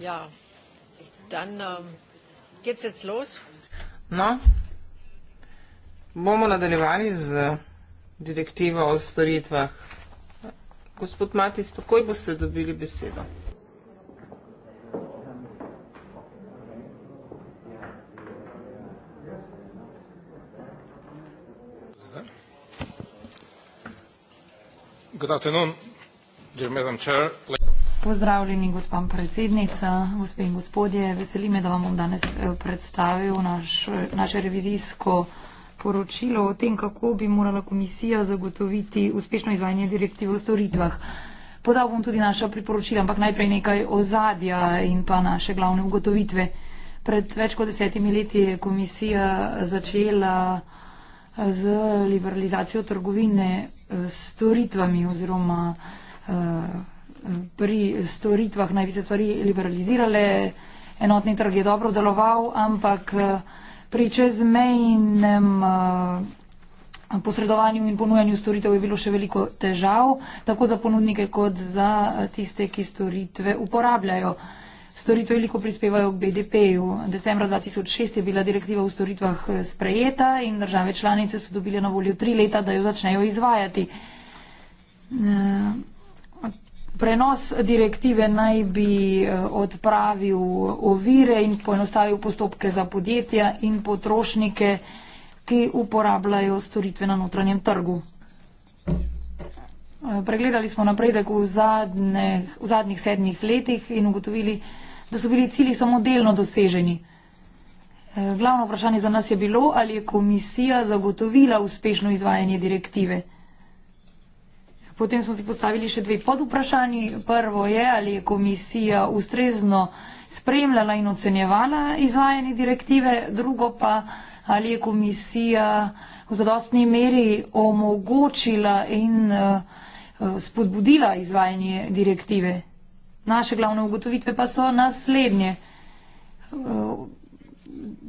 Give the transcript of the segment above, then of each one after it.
Ja, dann ähm, geht's jetzt los. No. Bomo nadaljevali z direktivo o storitvah. Gospod Matis, takoj boste dobili besedo. Good afternoon, dear Madam Chair pozdravljeni, gospa predsednica, gospe in gospodje. Veseli me, da vam bom danes eh, predstavil naš, naše revizijsko poročilo o tem, kako bi morala komisija zagotoviti uspešno izvajanje direktive o storitvah. Podal bom tudi naša priporočila, ampak najprej nekaj ozadja in pa naše glavne ugotovitve. Pred več kot desetimi leti je komisija začela eh, z liberalizacijo trgovine s eh, storitvami oziroma pri storitvah naj bi se stvari liberalizirale, enotni trg je dobro deloval, ampak eh, pri čezmejnem eh, posredovanju in ponujanju storitev je bilo še veliko težav, tako za ponudnike kot za eh, tiste, ki storitve uporabljajo. Storitve veliko prispevajo k BDP-ju. Decembra 2006 je bila direktiva v storitvah sprejeta in države članice so dobile na voljo tri leta, da jo začnejo izvajati. Prenos direktive naj bi eh, odpravil ovire in poenostavil postopke za podjetja in potrošnike, ki uporabljajo storitve na notranjem trgu. Eh, pregledali smo napredek v, zadnjeh, v zadnjih sedmih letih in ugotovili, da so bili cili samo delno doseženi. Eh, glavno vprašanje za nas je bilo, ali je komisija zagotovila uspešno izvajanje direktive. Potem smo si postavili še dve podvprašanji. Prvo je, ali je komisija ustrezno spremljala in ocenjevala izvajanje direktive, drugo pa, ali je komisija v zadostni meri omogočila in uh, spodbudila izvajanje direktive. Naše glavne ugotovitve pa so naslednje. Uh,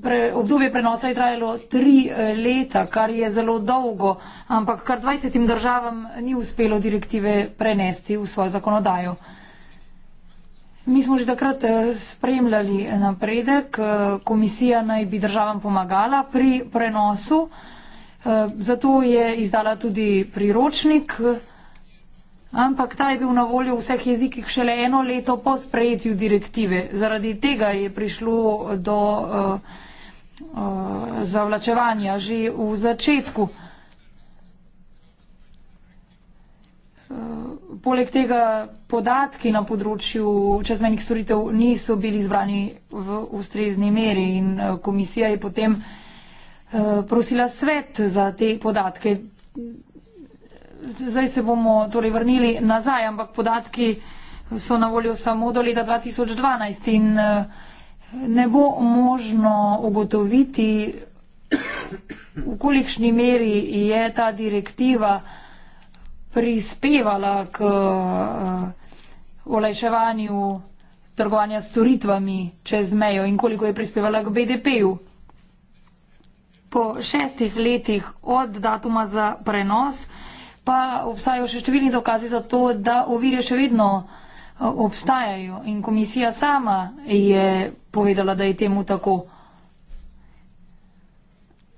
pre, obdobje prenosa je trajalo tri eh, leta, kar je zelo dolgo, ampak kar 20 državam ni uspelo direktive prenesti v svojo zakonodajo. Mi smo že takrat eh, spremljali napredek, eh, komisija naj bi državam pomagala pri prenosu, zato je izdala tudi priročnik, ampak ta je bil na voljo v vseh jezikih šele eno leto po sprejetju direktive. Zaradi tega je prišlo do. Uh, Eh, zavlačevanja že v začetku. Eh, poleg tega podatki na področju čezmenih storitev niso bili zbrani v ustrezni meri in eh, komisija je potem prosila svet za te podatke. Zdaj se bomo torej vrnili nazaj, ampak podatki so na voljo samo do leta 2012 in ne bo možno ugotoviti, v kolikšni meri je ta direktiva prispevala k eh, olajševanju trgovanja storitvami čez mejo in koliko je prispevala k BDP-ju. Po šestih letih od datuma za prenos pa obstajajo še številni dokazi za to, da ovire še vedno uh, obstajajo in komisija sama je povedala, da je temu tako.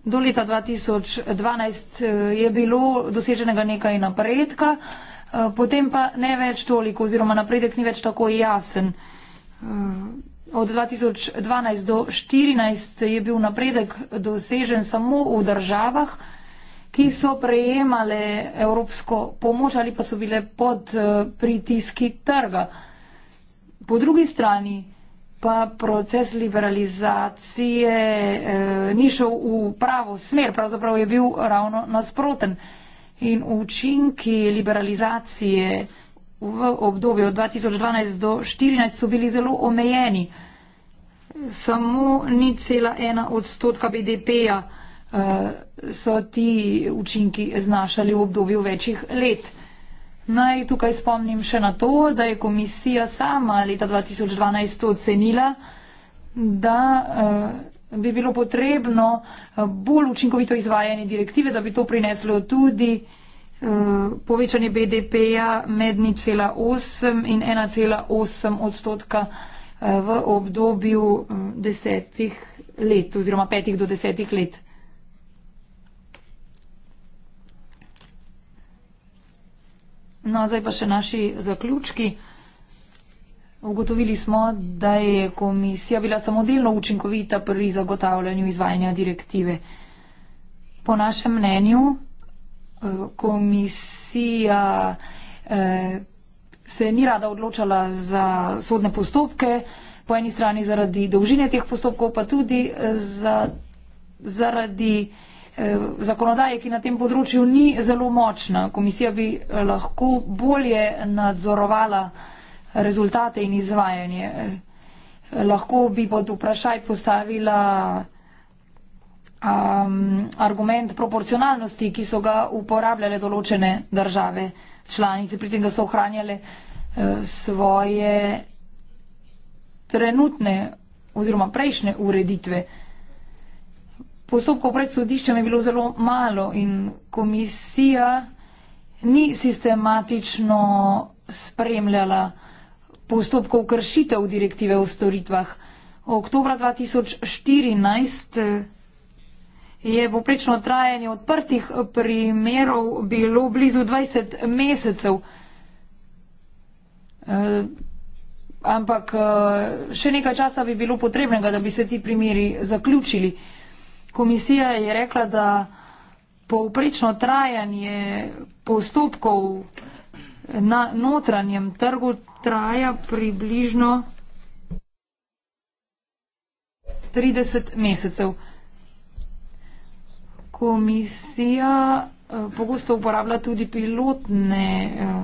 Do leta 2012 eh, je bilo doseženega nekaj napredka, eh, potem pa ne več toliko oziroma napredek ni več tako jasen. Eh, od 2012 do 2014 je bil napredek dosežen samo v državah, ki so prejemale evropsko pomoč ali pa so bile pod eh, pritiski trga. Po drugi strani pa proces liberalizacije eh, ni šel v pravo smer, pravzaprav je bil ravno nasproten. In učinki liberalizacije v obdobju od 2012 do 2014 so bili zelo omejeni. Samo ni cela ena odstotka BDP-ja. Eh, so ti učinki znašali v obdobju večjih let. Naj tukaj spomnim še na to, da je komisija sama leta 2012 ocenila, da eh, bi bilo potrebno eh, bolj učinkovito izvajanje direktive, da bi to prineslo tudi povečanje BDP-ja med 0,8 in 1,8 odstotka v obdobju desetih let oziroma petih do desetih let. No, zdaj pa še naši zaključki. Ugotovili smo, da je komisija bila samo delno učinkovita pri zagotavljanju izvajanja direktive. Po našem mnenju eh, komisija eh, se ni rada odločala za sodne postopke, po eni strani zaradi dolžine teh postopkov, pa tudi eh, za, zaradi. Eh, zakonodaje, ki na tem področju ni zelo močna. Komisija bi lahko bolje nadzorovala rezultate in izvajanje. Eh, lahko bi pod vprašaj postavila um, argument proporcionalnosti, ki so ga uporabljale določene države članice, pri tem, da so ohranjale eh, svoje trenutne oziroma prejšnje ureditve postopkov pred sodiščem je bilo zelo malo in komisija ni sistematično spremljala postopkov kršitev direktive o storitvah. Oktobra 2014 je poprečno trajanje odprtih primerov bilo blizu 20 mesecev. E, ampak e, še nekaj časa bi bilo potrebnega, da bi se ti primeri zaključili. Komisija je rekla, da povprečno trajanje postopkov na notranjem trgu traja približno 30 mesecev. Komisija eh, pogosto uporablja tudi pilotne eh,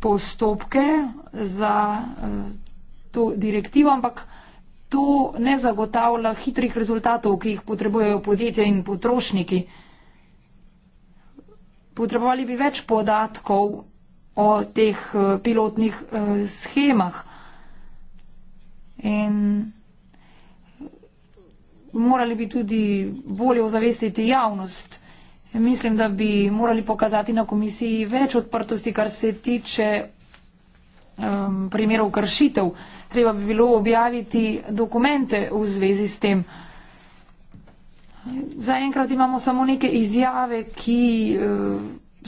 postopke za eh, to direktivo, ampak to ne zagotavlja hitrih rezultatov, ki jih potrebujejo podjetja in potrošniki. Potrebovali bi več podatkov o teh eh, pilotnih eh, schemah. In morali bi tudi bolje ozavestiti javnost. Mislim, da bi morali pokazati na komisiji več odprtosti, kar se tiče um, primerov kršitev. Uh, treba bi bilo objaviti dokumente v zvezi s tem. Zaenkrat imamo samo neke izjave, ki eh,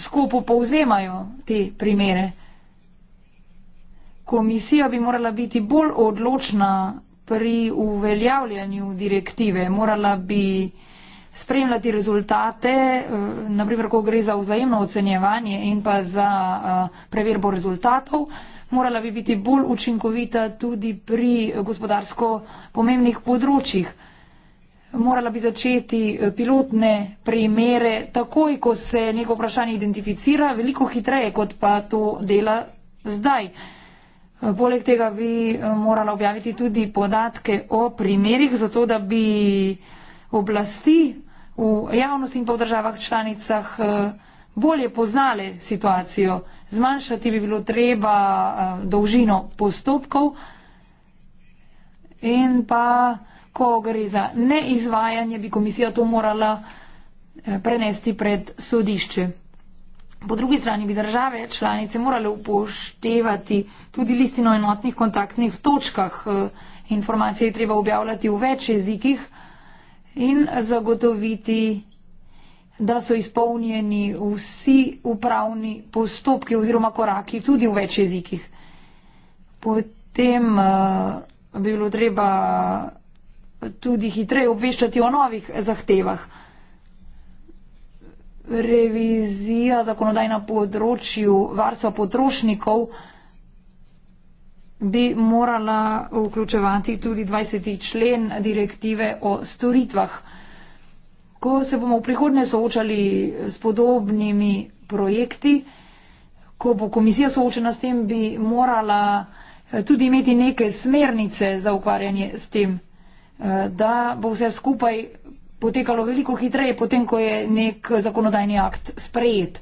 skupo povzemajo te primere. Komisija bi morala biti bolj odločna pri uveljavljanju direktive. Morala bi spremljati rezultate, eh, naprimer, ko gre za vzajemno ocenjevanje in pa za eh, preverbo rezultatov. Eh, morala bi biti bolj učinkovita tudi pri gospodarsko pomembnih področjih. Morala bi začeti eh, pilotne primere takoj, ko se neko vprašanje identificira, veliko hitreje, kot pa to dela zdaj. Eh, poleg tega bi eh, morala objaviti tudi podatke o primerih, zato da bi oblasti v javnosti in pa v državah članicah bolje poznale situacijo Zmanjšati bi bilo treba eh, dolžino postopkov in pa, ko gre za neizvajanje, bi komisija to morala eh, prenesti pred sodišče. Po drugi strani bi države članice morale upoštevati tudi listino enotnih kontaktnih točkah. Eh, informacije je treba objavljati v več jezikih in zagotoviti da so izpolnjeni vsi upravni postopki oziroma koraki tudi v več jezikih. Potem uh, bi bilo treba tudi hitreje obveščati o novih zahtevah. Revizija zakonodaj na področju varstva potrošnikov bi morala vključevati tudi 20. člen direktive o storitvah ko se bomo v prihodnje soočali s podobnimi projekti, ko bo komisija soočena s tem, bi morala eh, tudi imeti neke smernice za ukvarjanje s tem, eh, da bo vse skupaj potekalo veliko hitreje, potem ko je nek zakonodajni akt sprejet.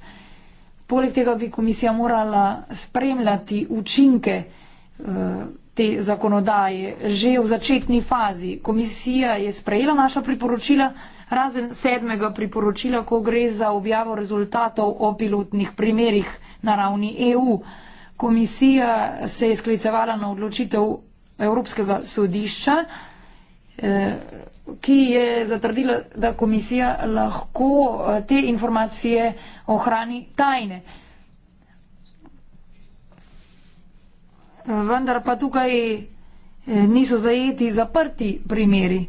Poleg tega bi komisija morala spremljati učinke eh, te zakonodaje. Že v začetni fazi komisija je sprejela naša priporočila, razen sedmega priporočila, ko gre za objavo rezultatov o pilotnih primerjih na ravni EU. Komisija se je sklicevala na odločitev Evropskega sodišča, eh, ki je zatrdila, da komisija lahko eh, te informacije ohrani tajne. vendar pa tukaj eh, niso zajeti zaprti primeri.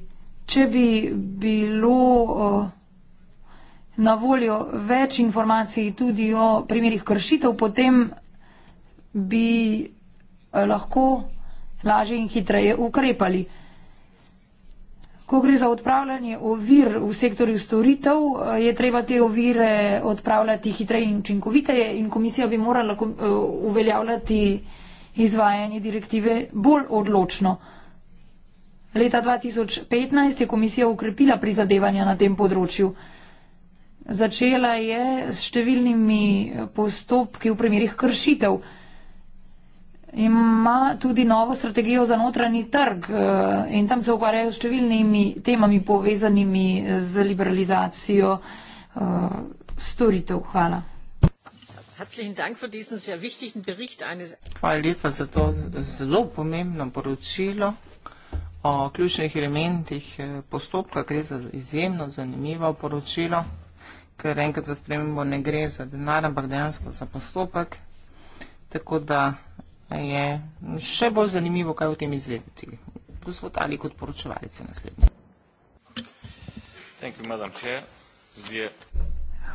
Če bi bilo eh, na voljo več informacij tudi o primerih kršitev, potem bi eh, lahko lažje in hitreje ukrepali. Ko gre za odpravljanje ovir v sektorju storitev, je treba te ovire odpravljati hitreje in učinkoviteje in komisija bi morala uveljavljati uh, izvajanje direktive bolj odločno. Leta 2015 je komisija ukrepila prizadevanja na tem področju. Začela je s številnimi postopki v primerih kršitev. Ima tudi novo strategijo za notranji trg eh, in tam se ukvarjajo s številnimi temami povezanimi z liberalizacijo eh, storitev. Hvala. Herzlichen Dank für diesen sehr wichtigen Bericht. Eines Hvala lepa za to zelo pomembno poročilo o ključnih elementih eh, postopka. Gre za izjemno zanimivo poročilo, ker enkrat za spremembo ne gre za denar, ampak dejansko za postopek. Tako da je še bolj zanimivo, kaj o tem izvedeti. Gospod Ali kot poročevalec naslednji. Thank you, madam chair.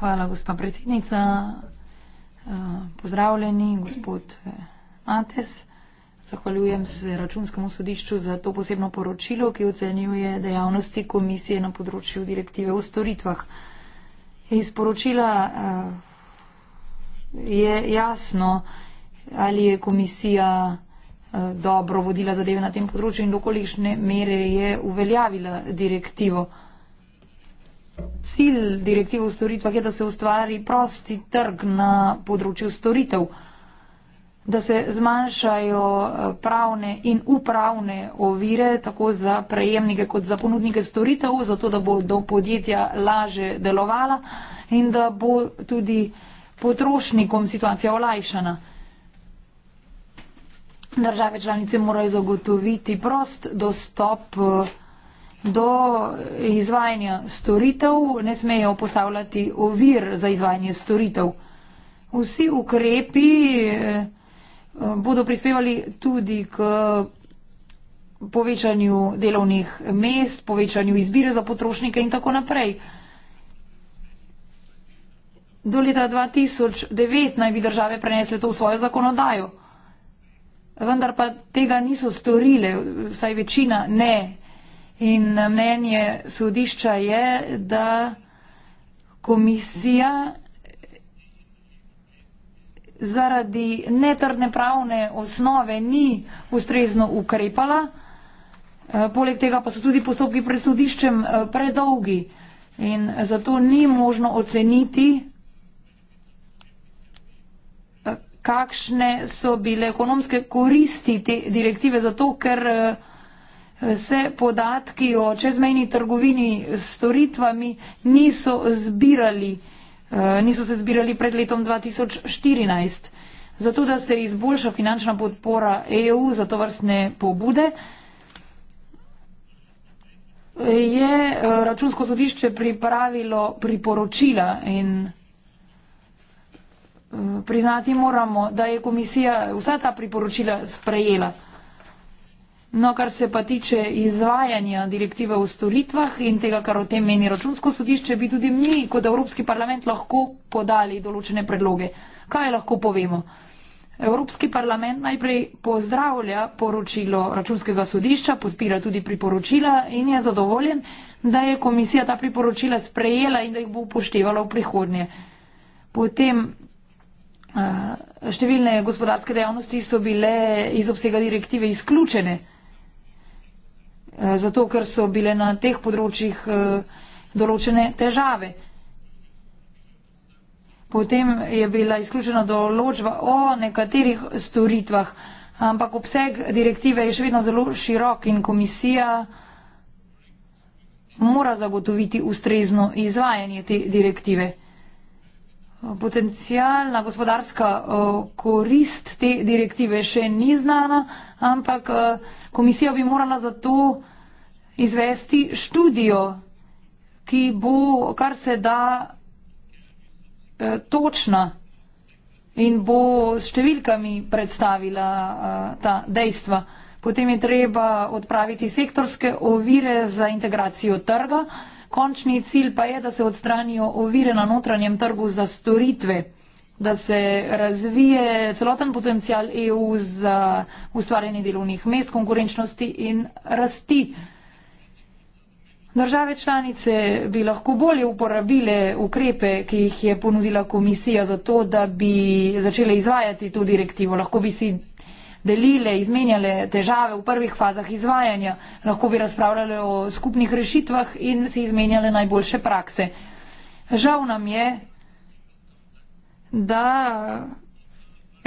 Hvala, gospa predsednica. Eh, pozdravljeni, gospod eh, Mates. Zahvaljujem se računskemu sodišču za to posebno poročilo, ki ocenjuje dejavnosti komisije na področju direktive o storitvah. Iz poročila eh, je jasno, ali je komisija dobro vodila zadeve na tem področju in dokolikšne mere je uveljavila direktivo. Cilj direktive v storitvah je, da se ustvari prosti trg na področju storitev, da se zmanjšajo eh, pravne in upravne ovire tako za prejemnike kot za ponudnike storitev, zato da bo do podjetja laže delovala in da bo tudi potrošnikom situacija olajšana. Države članice morajo zagotoviti prost dostop eh, do izvajanja storitev, ne smejo postavljati ovir za izvajanje storitev. Vsi ukrepi eh, bodo prispevali tudi k povečanju delovnih mest, povečanju izbire za potrošnike in tako naprej. Do leta 2009 naj bi države prenesle to v svojo zakonodajo, vendar pa tega niso storile, vsaj večina ne. In mnenje sodišča je, da komisija zaradi netrdne pravne osnove ni ustrezno ukrepala. Eh, poleg tega pa so tudi postopki pred sodiščem eh, predolgi in zato ni možno oceniti, eh, kakšne so bile ekonomske koristi te direktive, zato ker se podatki o čezmejni trgovini s storitvami niso zbirali, eh, niso se zbirali pred letom 2014. Zato, da se izboljša finančna podpora EU za to vrstne pobude, je eh, računsko sodišče pripravilo priporočila in eh, priznati moramo, da je komisija vsa ta priporočila sprejela. No, kar se pa tiče izvajanja direktive v storitvah in tega, kar o tem meni računsko sodišče, bi tudi mi kot Evropski parlament lahko podali določene predloge. Kaj lahko povemo? Evropski parlament najprej pozdravlja poročilo računskega sodišča, podpira tudi priporočila in je zadovoljen, da je komisija ta priporočila sprejela in da jih bo upoštevala v prihodnje. Potem eh, številne gospodarske dejavnosti so bile iz obsega direktive izključene. Eh, zato ker so bile na teh področjih eh, določene težave. Potem je bila izključena določba o nekaterih storitvah, ampak obseg direktive je še vedno zelo širok in komisija mora zagotoviti ustrezno izvajanje te direktive. Potencijalna gospodarska eh, korist te direktive še ni znana, ampak eh, komisija bi morala za to izvesti študijo, ki bo kar se da eh, točna in bo s številkami predstavila ta dejstva. Potem je treba odpraviti sektorske ovire za integracijo trga. Končni cilj pa je, da se odstranijo ovire na notranjem trgu za storitve, da se razvije celoten potencial EU za ustvarjanje delovnih mest, konkurenčnosti in rasti. Države članice bi lahko bolje uporabile ukrepe, ki jih je ponudila komisija za to, da bi začele izvajati to direktivo. Lahko bi si delile, izmenjale težave v prvih fazah izvajanja, lahko bi razpravljale o skupnih rešitvah in se izmenjale najboljše prakse. Žal nam je, da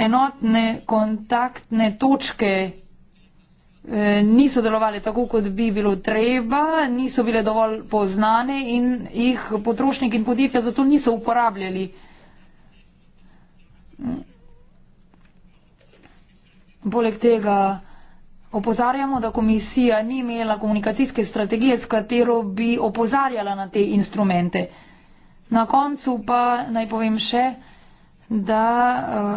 enotne kontaktne točke eh, niso delovali tako, kot bi bilo treba, niso bile dovolj poznane in jih potrošniki in podjetja zato niso uporabljali. Poleg tega opozarjamo, da komisija ni imela komunikacijske strategije, s katero bi opozarjala na te instrumente. Na koncu pa naj povem še, da uh,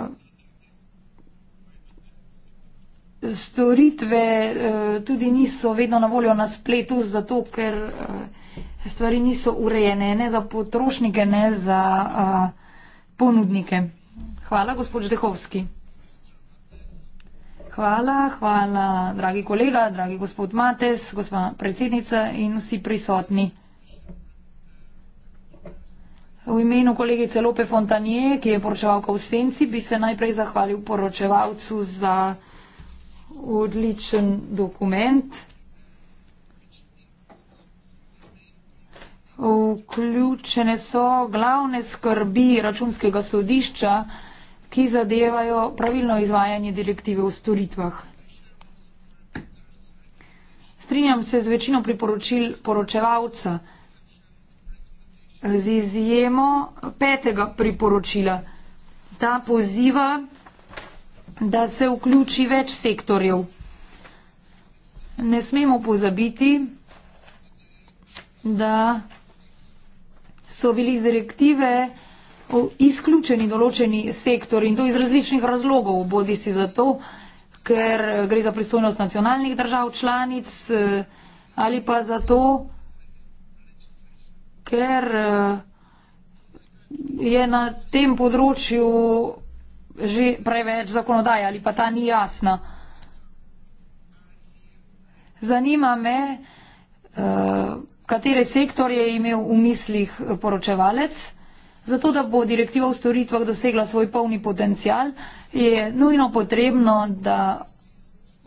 storitve uh, tudi niso vedno na voljo na spletu, zato ker uh, stvari niso urejene ne za potrošnike, ne za uh, ponudnike. Hvala, gospod Ždehovski. Hvala, hvala, dragi kolega, dragi gospod Mates, gospa predsednica in vsi prisotni. V imenu kolegice Lope Fontanije, ki je poročevalka v Senci, bi se najprej zahvalil poročevalcu za odličen dokument. Vključene so glavne skrbi računskega sodišča, ki zadevajo pravilno izvajanje direktive v storitvah. Strinjam se z večino priporočil poročevalca, z izjemo petega priporočila. Ta poziva, da se vključi več sektorjev. Ne smemo pozabiti, da so bili z direktive izključeni določeni sektor in to iz različnih razlogov, bodi si zato, ker gre za pristojnost nacionalnih držav članic eh, ali pa zato, ker eh, je na tem področju že preveč zakonodaja ali pa ta ni jasna. Zanima me, eh, katere sektor je imel v mislih poročevalec, Zato, da bo direktiva v storitvah dosegla svoj polni potencial, je nujno potrebno, da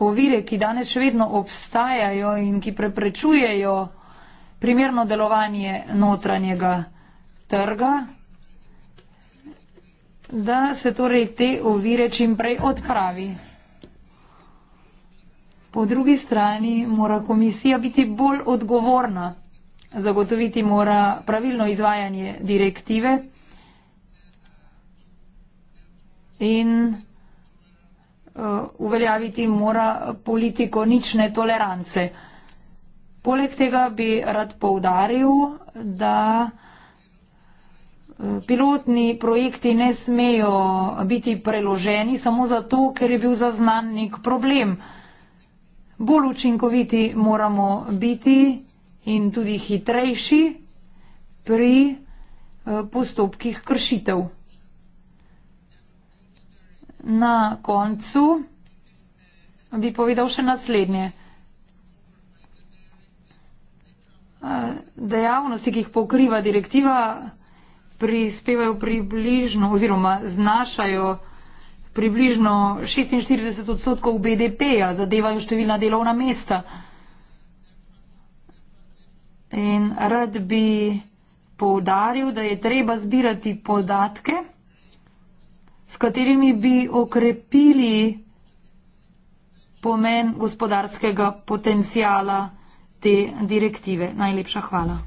ovire, ki danes še vedno obstajajo in ki preprečujejo primerno delovanje notranjega trga, da se torej te ovire čim prej odpravi. Po drugi strani mora komisija biti bolj odgovorna zagotoviti mora pravilno izvajanje direktive in eh, uveljaviti mora politiko nične tolerance. Poleg tega bi rad poudaril, da eh, pilotni projekti ne smejo biti preloženi samo zato, ker je bil zaznan nek problem. Bolj učinkoviti moramo biti, in tudi hitrejši pri eh, postopkih kršitev. Na koncu bi povedal še naslednje. Eh, dejavnosti, ki jih pokriva direktiva, prispevajo približno oziroma znašajo približno 46 odstotkov BDP-ja, zadevajo številna delovna mesta. In rad bi poudaril, da je treba zbirati podatke, s katerimi bi okrepili pomen gospodarskega potencijala te direktive. Najlepša hvala.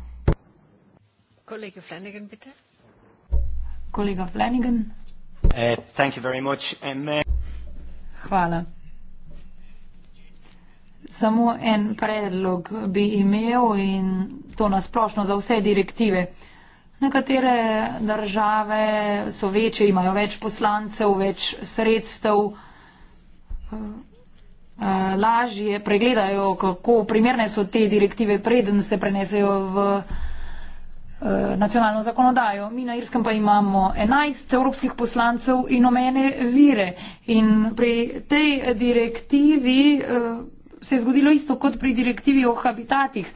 Kolega Flanagan, bitte. Kolega Flanagan. Uh, thank you very much. Eh, hvala samo en predlog bi imel in to nasplošno za vse direktive. Nekatere države so večje, imajo več poslancev, več sredstev, eh, lažje pregledajo, kako primerne so te direktive, preden se prenesejo v eh, nacionalno zakonodajo. Mi na Irskem pa imamo 11 evropskih poslancev in omejene vire. In pri tej direktivi eh, se je zgodilo isto kot pri direktivi o habitatih.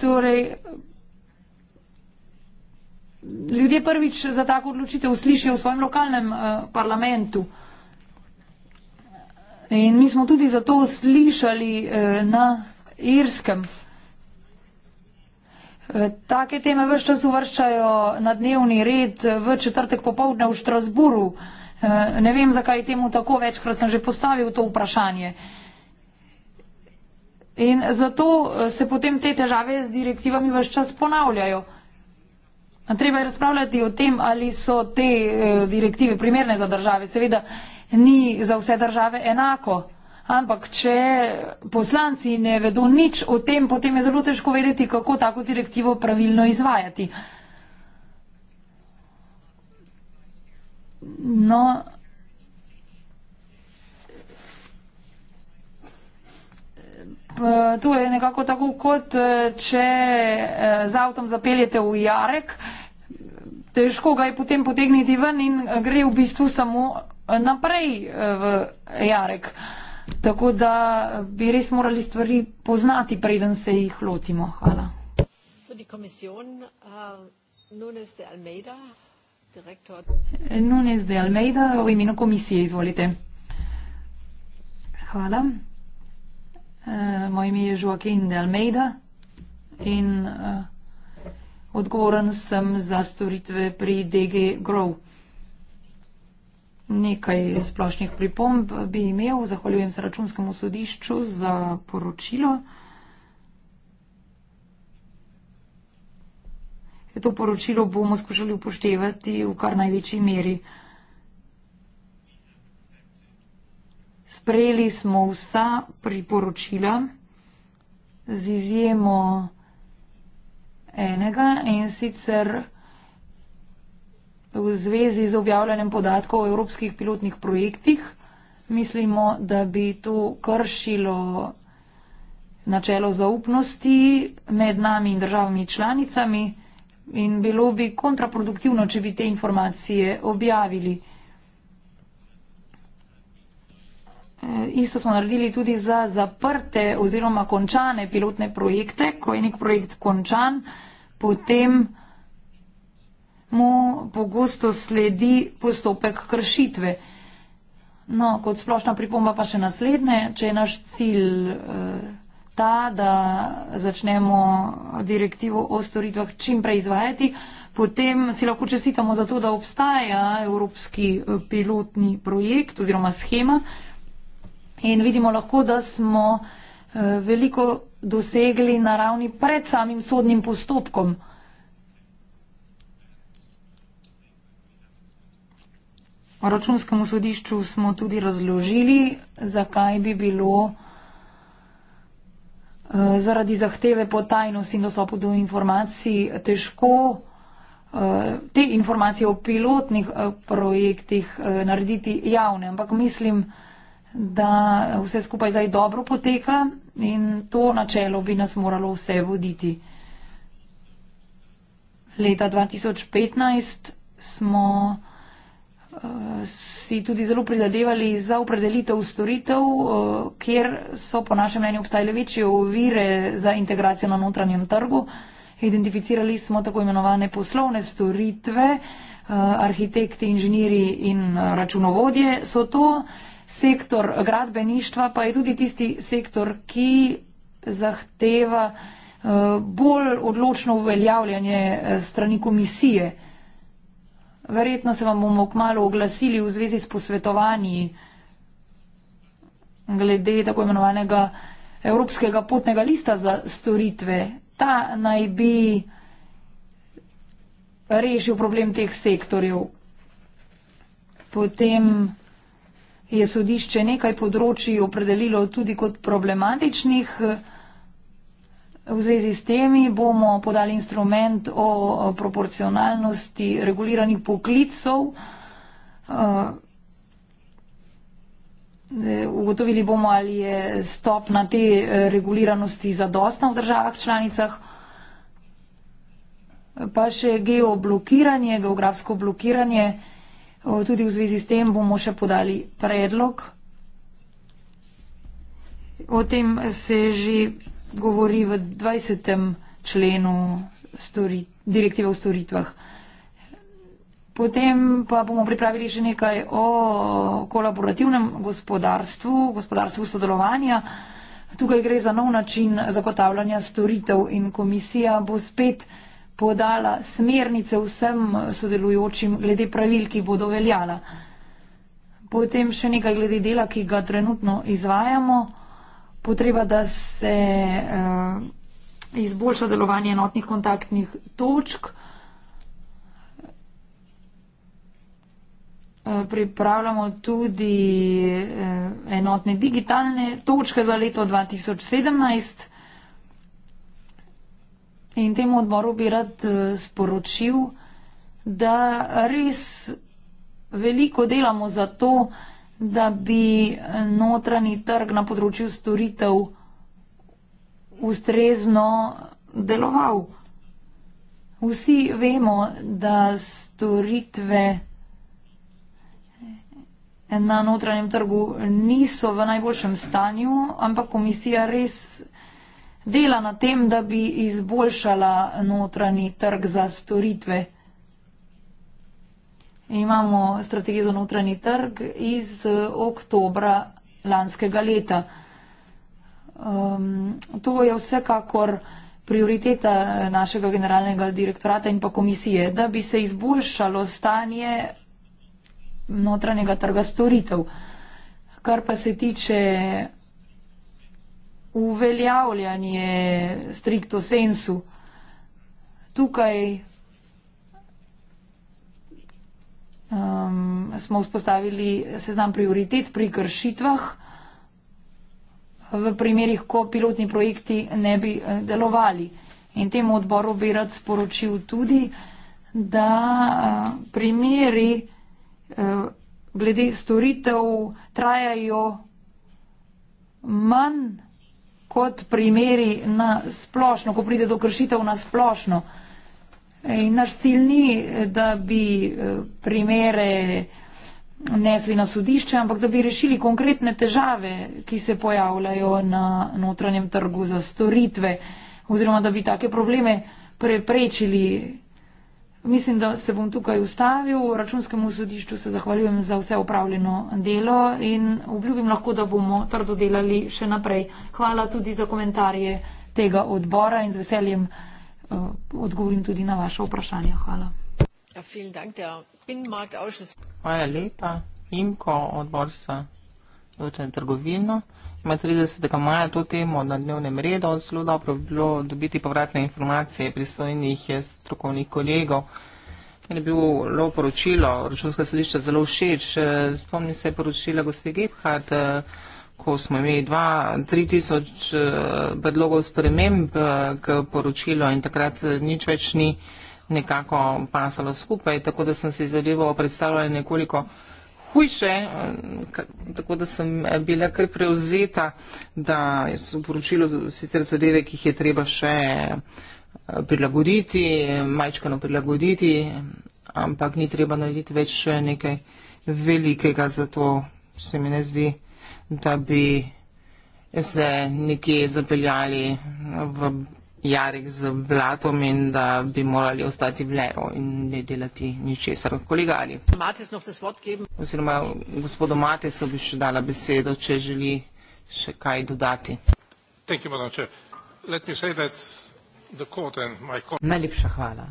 Torej, ljudje prvič za tako odločitev slišijo v svojem lokalnem eh, parlamentu. In mi smo tudi za to slišali eh, na Irskem. Eh, take teme vse čas uvrščajo na dnevni red v četrtek popovdne v Štrasburu. Eh, ne vem, zakaj je temu tako, večkrat sem že postavil to vprašanje. In zato eh, se potem te težave z direktivami vse čas ponavljajo. Treba je razpravljati o tem, ali so te eh, direktive primerne za države. Seveda ni za vse države enako, ampak če poslanci ne vedo nič o tem, potem je zelo težko vedeti, kako tako direktivo pravilno izvajati. No, to je nekako tako, kot eh, če eh, z avtom zapeljete v Jarek, težko ga je potem potegniti ven in eh, gre v bistvu samo naprej v Jarek. Tako da bi res morali stvari poznati, preden se jih lotimo. Hvala. Komisijon, uh, äh, nun ist der Almeida, Nunes de Almeida, v imenu komisije, izvolite. Hvala. Eh, moje ime je Joaquin de Almeida in eh, odgovoren sem za storitve pri DG Grow. Nekaj splošnih pripomb bi imel. Zahvaljujem se računskemu sodišču za poročilo. to poročilo bomo skušali upoštevati v kar največji meri. Sprejeli smo vsa priporočila z izjemo enega in sicer v zvezi z objavljanjem podatkov o evropskih pilotnih projektih. Mislimo, da bi to kršilo načelo zaupnosti med nami in državami članicami in bilo bi kontraproduktivno, če bi te informacije objavili. E, isto smo naredili tudi za zaprte oziroma končane pilotne projekte. Ko je nek projekt končan, potem mu pogosto sledi postopek kršitve. No, kot splošna pripomba pa še naslednje, če je naš cilj. Eh, ta, da začnemo direktivo o storitvah čim prej izvajati. Potem si lahko čestitamo za to, da obstaja evropski eh, pilotni projekt oziroma schema in vidimo lahko, da smo eh, veliko dosegli na ravni pred samim sodnim postopkom. Računskemu sodišču smo tudi razložili, zakaj bi bilo Eh, zaradi zahteve po tajnosti in dostopu do informacij težko eh, te informacije o pilotnih eh, projektih narediti javne. Ampak mislim, da vse skupaj zdaj dobro poteka in to načelo bi nas moralo vse voditi. Leta 2015 smo si tudi zelo prizadevali za opredelitev storitev, eh, kjer so po našem mnenju obstajale večje ovire za integracijo na notranjem trgu. Identificirali smo tako imenovane poslovne storitve, eh, arhitekti, inženiri in eh, računovodje. So to sektor gradbeništva, pa je tudi tisti sektor, ki zahteva bolj odločno uveljavljanje strani komisije. Verjetno se vam bomo kmalo oglasili v zvezi s posvetovanji glede tako imenovanega Evropskega potnega lista za storitve. Ta naj bi rešil problem teh sektorjev. Potem je sodišče nekaj področji opredelilo tudi kot problematičnih. V zvezi s temi bomo podali instrument o proporcionalnosti reguliranih poklicov. Eh, eh, ugotovili bomo, ali je stopna te eh, reguliranosti zadostna v državah članicah. Pa še geoblokiranje, geografsko blokiranje. Tudi v zvezi s tem bomo še podali predlog. O tem se že govori v 20. členu stori, direktive o storitvah. Potem pa bomo pripravili še nekaj o kolaborativnem gospodarstvu, gospodarstvu sodelovanja. Tukaj gre za nov način zagotavljanja storitev in komisija bo spet podala smernice vsem sodelujočim glede pravil, ki bodo veljala. Potem še nekaj glede dela, ki ga trenutno izvajamo potreba, da se uh, izboljša delovanje enotnih kontaktnih točk. Eh, pripravljamo tudi eh, enotne digitalne točke za leto 2017 in temu odboru bi rad sporočil, da res veliko delamo za to, da bi notranji trg na področju storitev ustrezno deloval. Vsi vemo, da storitve na notranjem trgu niso v najboljšem stanju, ampak komisija res dela na tem, da bi izboljšala notranji trg za storitve imamo strategijo za notranji trg iz eh, oktobra lanskega leta. Um, to je vsekakor prioriteta eh, našega generalnega direktorata in pa komisije, da bi se izboljšalo stanje notranjega trga storitev. Kar pa se tiče uveljavljanje stricto sensu, tukaj um, smo vzpostavili seznam prioritet pri kršitvah v primerih, ko pilotni projekti ne bi eh, delovali. In temu odboru bi rad sporočil tudi, da eh, primeri eh, glede storitev trajajo manj kot primeri na splošno, ko pride do kršitev na splošno. In naš cilj ni, da bi eh, primere nesli na sodišče, ampak da bi rešili konkretne težave, ki se pojavljajo na notranjem trgu za storitve, oziroma da bi take probleme preprečili. Mislim, da se bom tukaj ustavil. Računskemu sodišču se zahvaljujem za vse upravljeno delo in obljubim lahko, da bomo trdo delali še naprej. Hvala tudi za komentarje tega odbora in z veseljem. Eh, odgovorim tudi na vaše vprašanje. Hvala. Ja, Hvala lepa. Imko, odbor za notranje trgovino. Ima 30. maja to temo na dnevnem redu. Zelo dobro bi bilo dobiti povratne informacije pristojnih eh, strokovnih kolegov. Meni je bilo poročilo računska sodišča zelo všeč. Eh, Spomni se poročila gospe Gebhardt ko smo imeli 2-3 tisoč eh, predlogov sprememb eh, k poročilu in takrat eh, nič več ni nekako pasalo skupaj, tako da sem si zadevo predstavljala nekoliko hujše, tako da sem bila kar preuzeta, da so poročilo sicer zadeve, ki jih je treba še prilagoditi, majčkano prilagoditi, ampak ni treba narediti več nekaj velikega, zato se mi ne zdi, da da bi se nekje zapeljali v jarek z blatom in da bi morali ostati v leru in ne delati ničesar. Kolega Ali. No, Oziroma gospodu Matesu bi še dala besedo, če želi še kaj dodati. Najlepša hvala,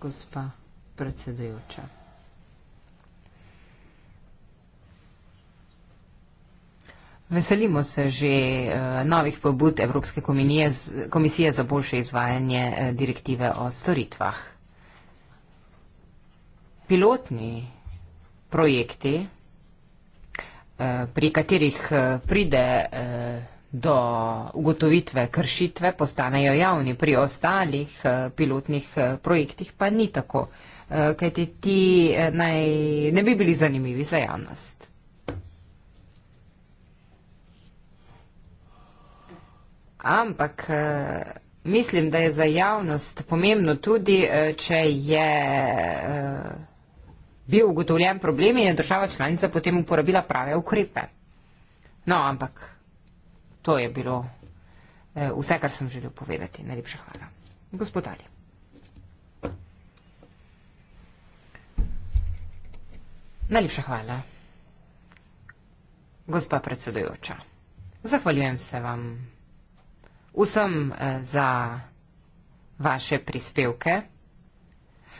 gospa predsedujoča. Veselimo se že eh, novih pobud Evropske komisije za boljše izvajanje eh, direktive o storitvah. Pilotni projekti, eh, pri katerih pride do ugotovitve kršitve, postanejo javni, pri ostalih pilotnih projektih pa ni tako, kajti ti naj, ne bi bili zanimivi za javnost. ampak eh, mislim, da je za javnost pomembno tudi, eh, če je eh, bil ugotovljen problem in je država članica potem uporabila prave ukrepe. No, ampak to je bilo vse, kar sem želel povedati. Najlepša hvala. Gospodali. Najlepša hvala. Gospa predsedujoča, zahvaljujem se vam vsem eh, za vaše prispevke.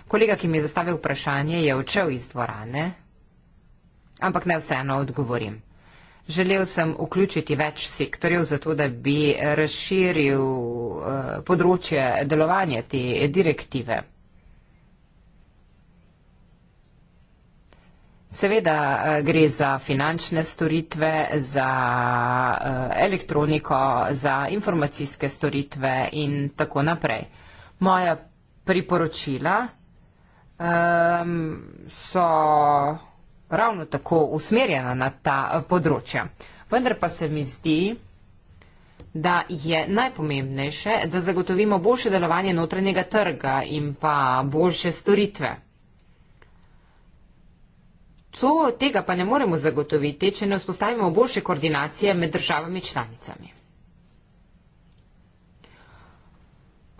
Kolega, ki mi je zastavil vprašanje, je odšel iz dvorane, ampak ne vseeno odgovorim. Želel sem vključiti več sektorjev, zato da bi razširil eh, področje delovanja te direktive. Seveda eh, gre za finančne storitve, za eh, elektroniko, za informacijske storitve in tako naprej. Moja priporočila um, so ravno tako usmerjena na ta eh, področja. Vendar pa se mi zdi, da je najpomembnejše, da zagotovimo boljše delovanje notranjega trga in pa boljše storitve. To, tega pa ne moremo zagotoviti, če ne vzpostavimo boljše koordinacije med državami članicami.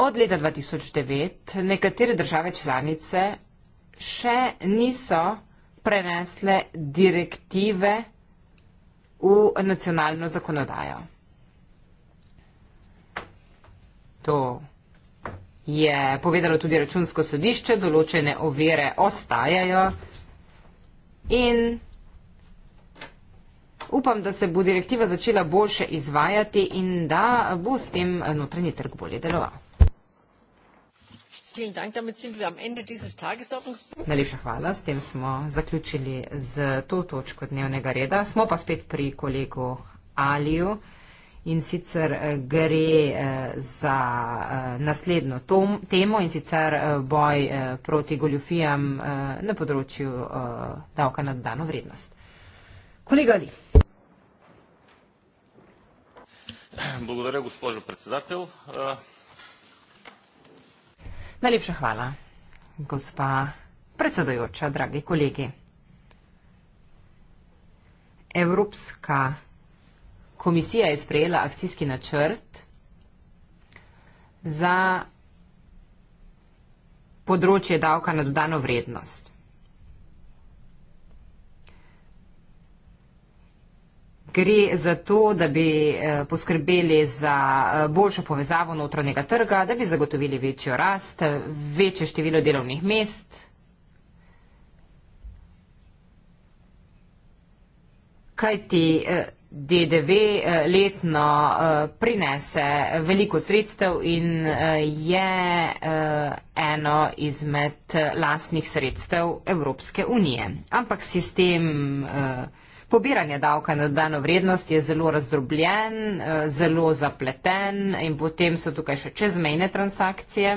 Od leta 2009 nekatere države članice še niso prenesle direktive v nacionalno zakonodajo. To je povedalo tudi računsko sodišče, določene ovire ostajajo. In upam, da se bo direktiva začela boljše izvajati in da bo s tem notranji trg bolje deloval. Najlepša hvala, s tem smo zaključili z to točko dnevnega reda. Smo pa spet pri kolegu Aliju. In sicer eh, gre eh, za eh, naslednjo tom, temo in sicer boj proti goljofijam na področju davka na dano vrednost. Kolega Ali. Bogodare, gospodžo predsedatelj. Najlepša hvala, gospa predsedojoča, dragi kolegi. Evropska vrednost. Komisija je sprejela akcijski načrt za področje davka na dodano vrednost. Gre za to, da bi eh, poskrbeli za eh, boljšo povezavo notranjega trga, da bi zagotovili večjo rast, večje število delovnih mest, kajti eh, DDV eh, letno eh, prinese veliko sredstev in eh, je eno izmed lastnih sredstev Evropske unije. Ampak sistem pobiranja davka na dano vrednost je zelo razdrobljen, zelo zapleten in potem so tukaj še čezmejne transakcije,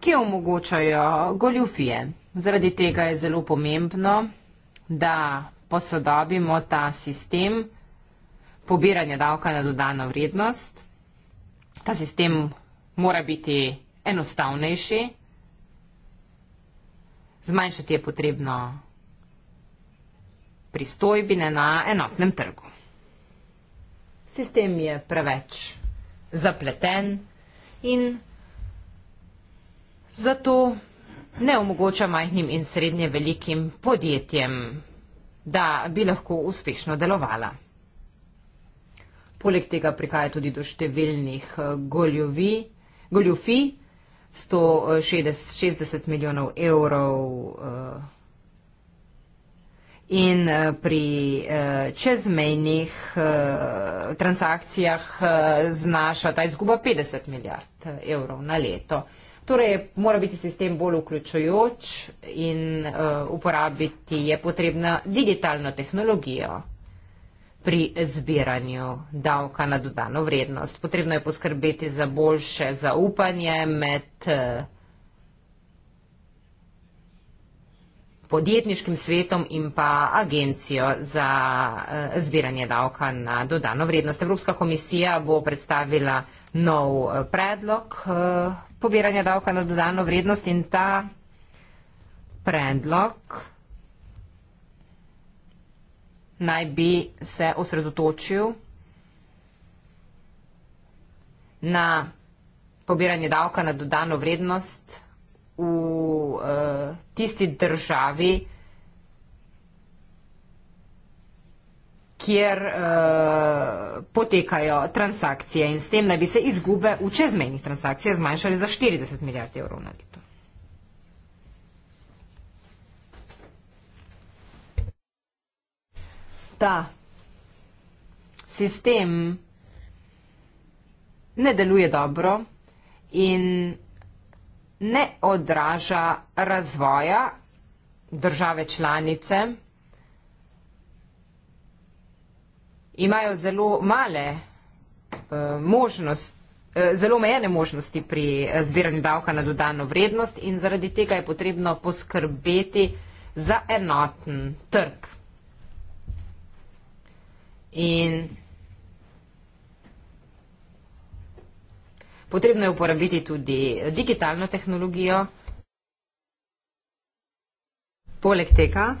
ki omogočajo goljufije. Zaradi tega je zelo pomembno, da posodobimo ta sistem, pobiranje davka na dodano vrednost. Ta sistem mora biti enostavnejši. Zmanjšati je potrebno pristojbine na enotnem trgu. Sistem je preveč zapleten in zato ne omogoča majhnim in srednje velikim podjetjem, da bi lahko uspešno delovala. Poleg tega prihaja tudi do številnih eh, goljovi, goljufi, 160 eh, milijonov evrov eh, in pri čezmejnih transakcijah znaša ta izguba 50 milijard evrov na leto. Torej, mora biti sistem bolj vključujoč in uporabiti je potrebna digitalno tehnologijo pri zbiranju davka na dodano vrednost. Potrebno je poskrbeti za boljše zaupanje med eh, podjetniškim svetom in pa agencijo za eh, zbiranje davka na dodano vrednost. Evropska komisija bo predstavila nov eh, predlog pobiranja davka na dodano vrednost in ta predlog naj bi se osredotočil na pobiranje davka na dodano vrednost v eh, tisti državi, kjer eh, potekajo transakcije in s tem naj bi se izgube v čezmenjih transakcijah zmanjšali za 40 milijard evrov na leto. ta sistem ne deluje dobro in ne odraža razvoja države članice, imajo zelo male eh, možnosti eh, zelo omejene možnosti pri eh, zbiranju davka na dodano vrednost in zaradi tega je potrebno poskrbeti za enoten trg. In potrebno je uporabiti tudi digitalno tehnologijo. Poleg tega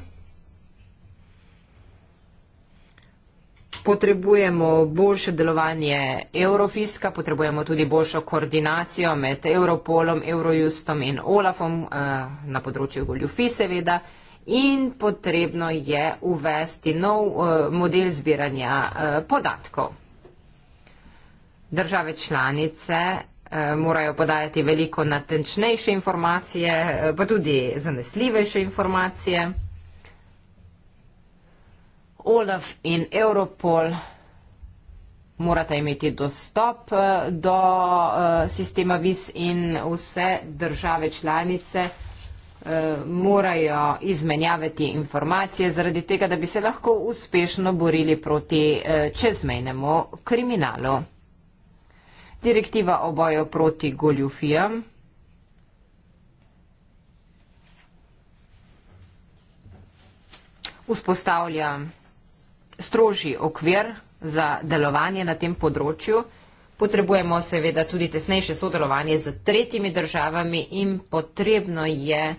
potrebujemo boljše delovanje Eurofiska, potrebujemo tudi boljšo koordinacijo med Europolom, Eurojustom in Olafom eh, na področju goljufi seveda in potrebno je uvesti nov eh, model zbiranja eh, podatkov. Države članice eh, morajo podajati veliko natančnejše informacije, pa tudi zanesljivejše informacije. OLAF in Europol morata imeti dostop do sistema VIS in vse države članice morajo izmenjavati informacije zaradi tega, da bi se lahko uspešno borili proti eh, čezmejnemu kriminalu. Direktiva o boju proti goljufijam. Vzpostavlja strožji okvir za delovanje na tem področju. Potrebujemo seveda tudi tesnejše sodelovanje z tretjimi državami in potrebno je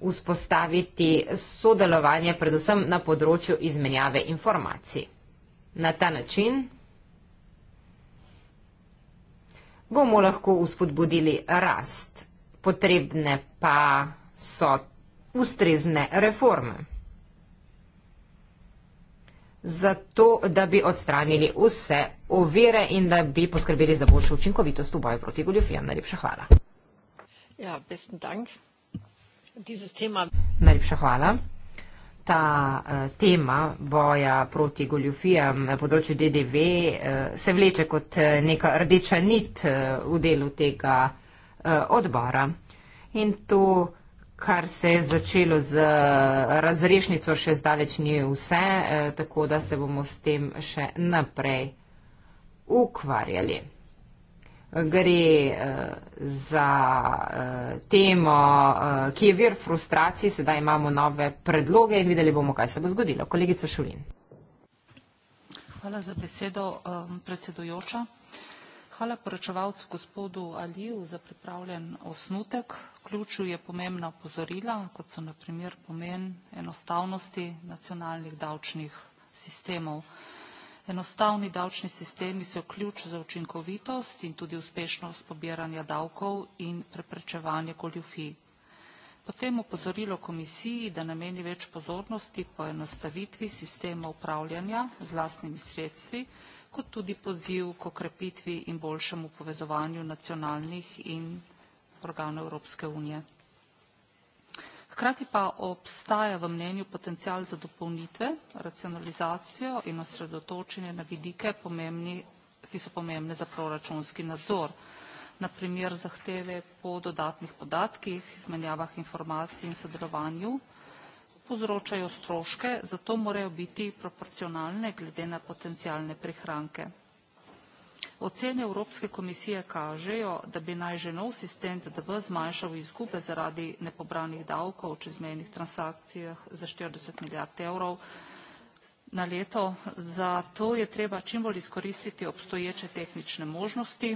vzpostaviti sodelovanje predvsem na področju izmenjave informacij. Na ta način bomo lahko uspodbudili rast, potrebne pa so ustrezne reforme. Zato, da bi odstranili vse ovire in da bi poskrbeli za boljšo učinkovitost v boju proti goljofijam. Najlepša hvala. Ja, besten dank. Najlepša hvala. Ta uh, tema boja proti goljufijam na področju DDV uh, eh, se vleče kot eh, neka rdeča nit uh, v delu tega uh, odbora. In to, kar se je začelo z razrešnico, še zdaleč ni vse, uh, tako da se bomo s tem še naprej ukvarjali gre uh, za uh, temo, uh, ki je vir frustracij. Sedaj imamo nove predloge in videli bomo, kaj se bo zgodilo. Kolegica Šulin. Hvala za besedo, um, predsedujoča. Hvala poročevalcu gospodu Aliju za pripravljen osnutek. Ključu je pomembna opozorila, kot so naprimer pomen enostavnosti nacionalnih davčnih sistemov. Uh, Enostavni davčni sistemi so ključ za učinkovitost in tudi uspešnost pobiranja davkov in preprečevanje goljufij. Potem opozorilo komisiji, da nameni več pozornosti po enostavitvi sistema upravljanja z lastnimi sredstvi, kot tudi poziv k okrepitvi in boljšemu povezovanju nacionalnih in organov Evropske unije. Hkrati pa obstaja v mnenju potencial za dopolnitve, racionalizacijo in osredotočenje na vidike, pomembni, ki so pomembne za proračunski nadzor. Naprimer, zahteve po dodatnih podatkih, izmenjavah informacij in sodelovanju povzročajo stroške, zato morajo biti proporcionalne glede na potencialne prihranke. Ocene Evropske komisije kažejo, da bi naj že nov sistem DDV zmanjšal izgube zaradi nepobranih davkov v čezmejnih transakcijah za 40 milijard evrov na leto. Zato je treba čim bolj izkoristiti obstoječe tehnične možnosti,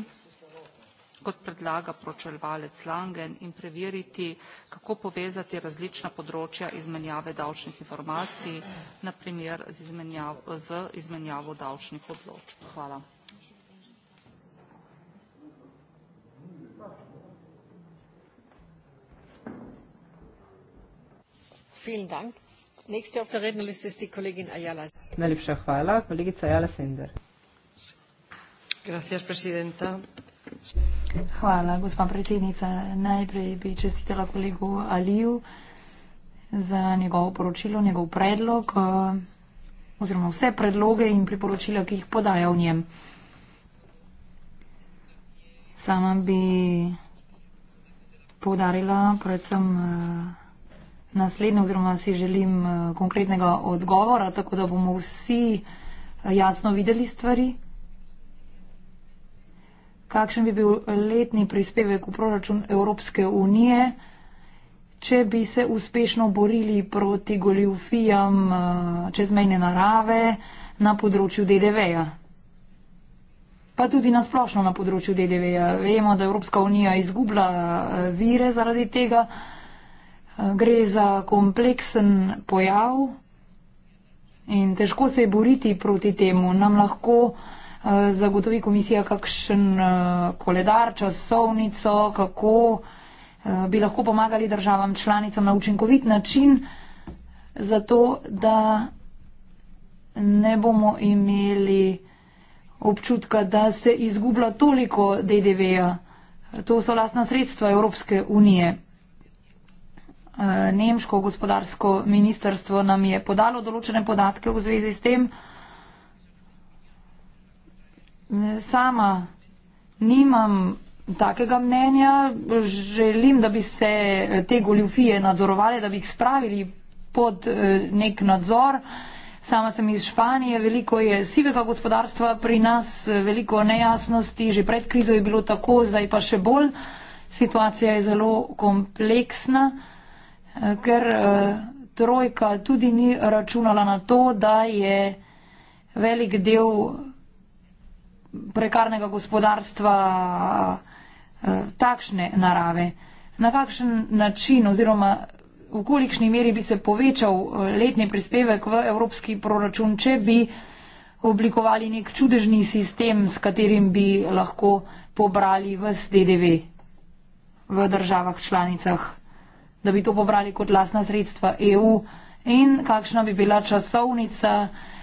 kot predlaga pročevalec Langen, in preveriti, kako povezati različna področja izmenjave davčnih informacij, naprimer z izmenjavo, z izmenjavo davčnih odločb. Hvala. Najlepša hvala. Kolegica Jala Sender. Hvala, gospa predsednica. Najprej bi čestitela kolegu Aliju za njegovo poročilo, njegov predlog eh, oziroma vse predloge in priporočila, ki jih podaja v njem. Sama bi podarila predvsem. Uh, naslednje oziroma si želim eh, konkretnega odgovora, tako da bomo vsi eh, jasno videli stvari. Kakšen bi bil letni prispevek v proračun Evropske unije, če bi se uspešno borili proti goljufijam eh, čezmejne narave na področju DDV-ja? Pa tudi na splošno na področju DDV-ja. Vemo, da Evropska unija izgublja vire zaradi tega. Gre za kompleksen pojav in težko se je boriti proti temu. Nam lahko eh, zagotovi komisija kakšen eh, koledar, časovnico, kako eh, bi lahko pomagali državam članicam na učinkovit način, zato da ne bomo imeli občutka, da se izgublja toliko DDV-ja. To so lastna sredstva Evropske unije. Eh, nemško gospodarsko ministrstvo nam je podalo določene podatke v zvezi s tem. Sama nimam takega mnenja, želim, da bi se eh, te goljufije nadzorovali, da bi jih spravili pod eh, nek nadzor. Sama sem iz Španije, veliko je sivega gospodarstva pri nas, veliko nejasnosti, že pred krizo je bilo tako, zdaj pa še bolj. Situacija je zelo kompleksna ker eh, trojka tudi ni računala na to, da je velik del prekarnega gospodarstva eh, takšne narave. Na kakšen način oziroma v kolikšni meri bi se povečal eh, letni prispevek v evropski proračun, če bi oblikovali nek čudežni sistem, s katerim bi lahko pobrali vse DDV v državah članicah da bi to pobrali kot lasna sredstva EU in kakšna bi bila časovnica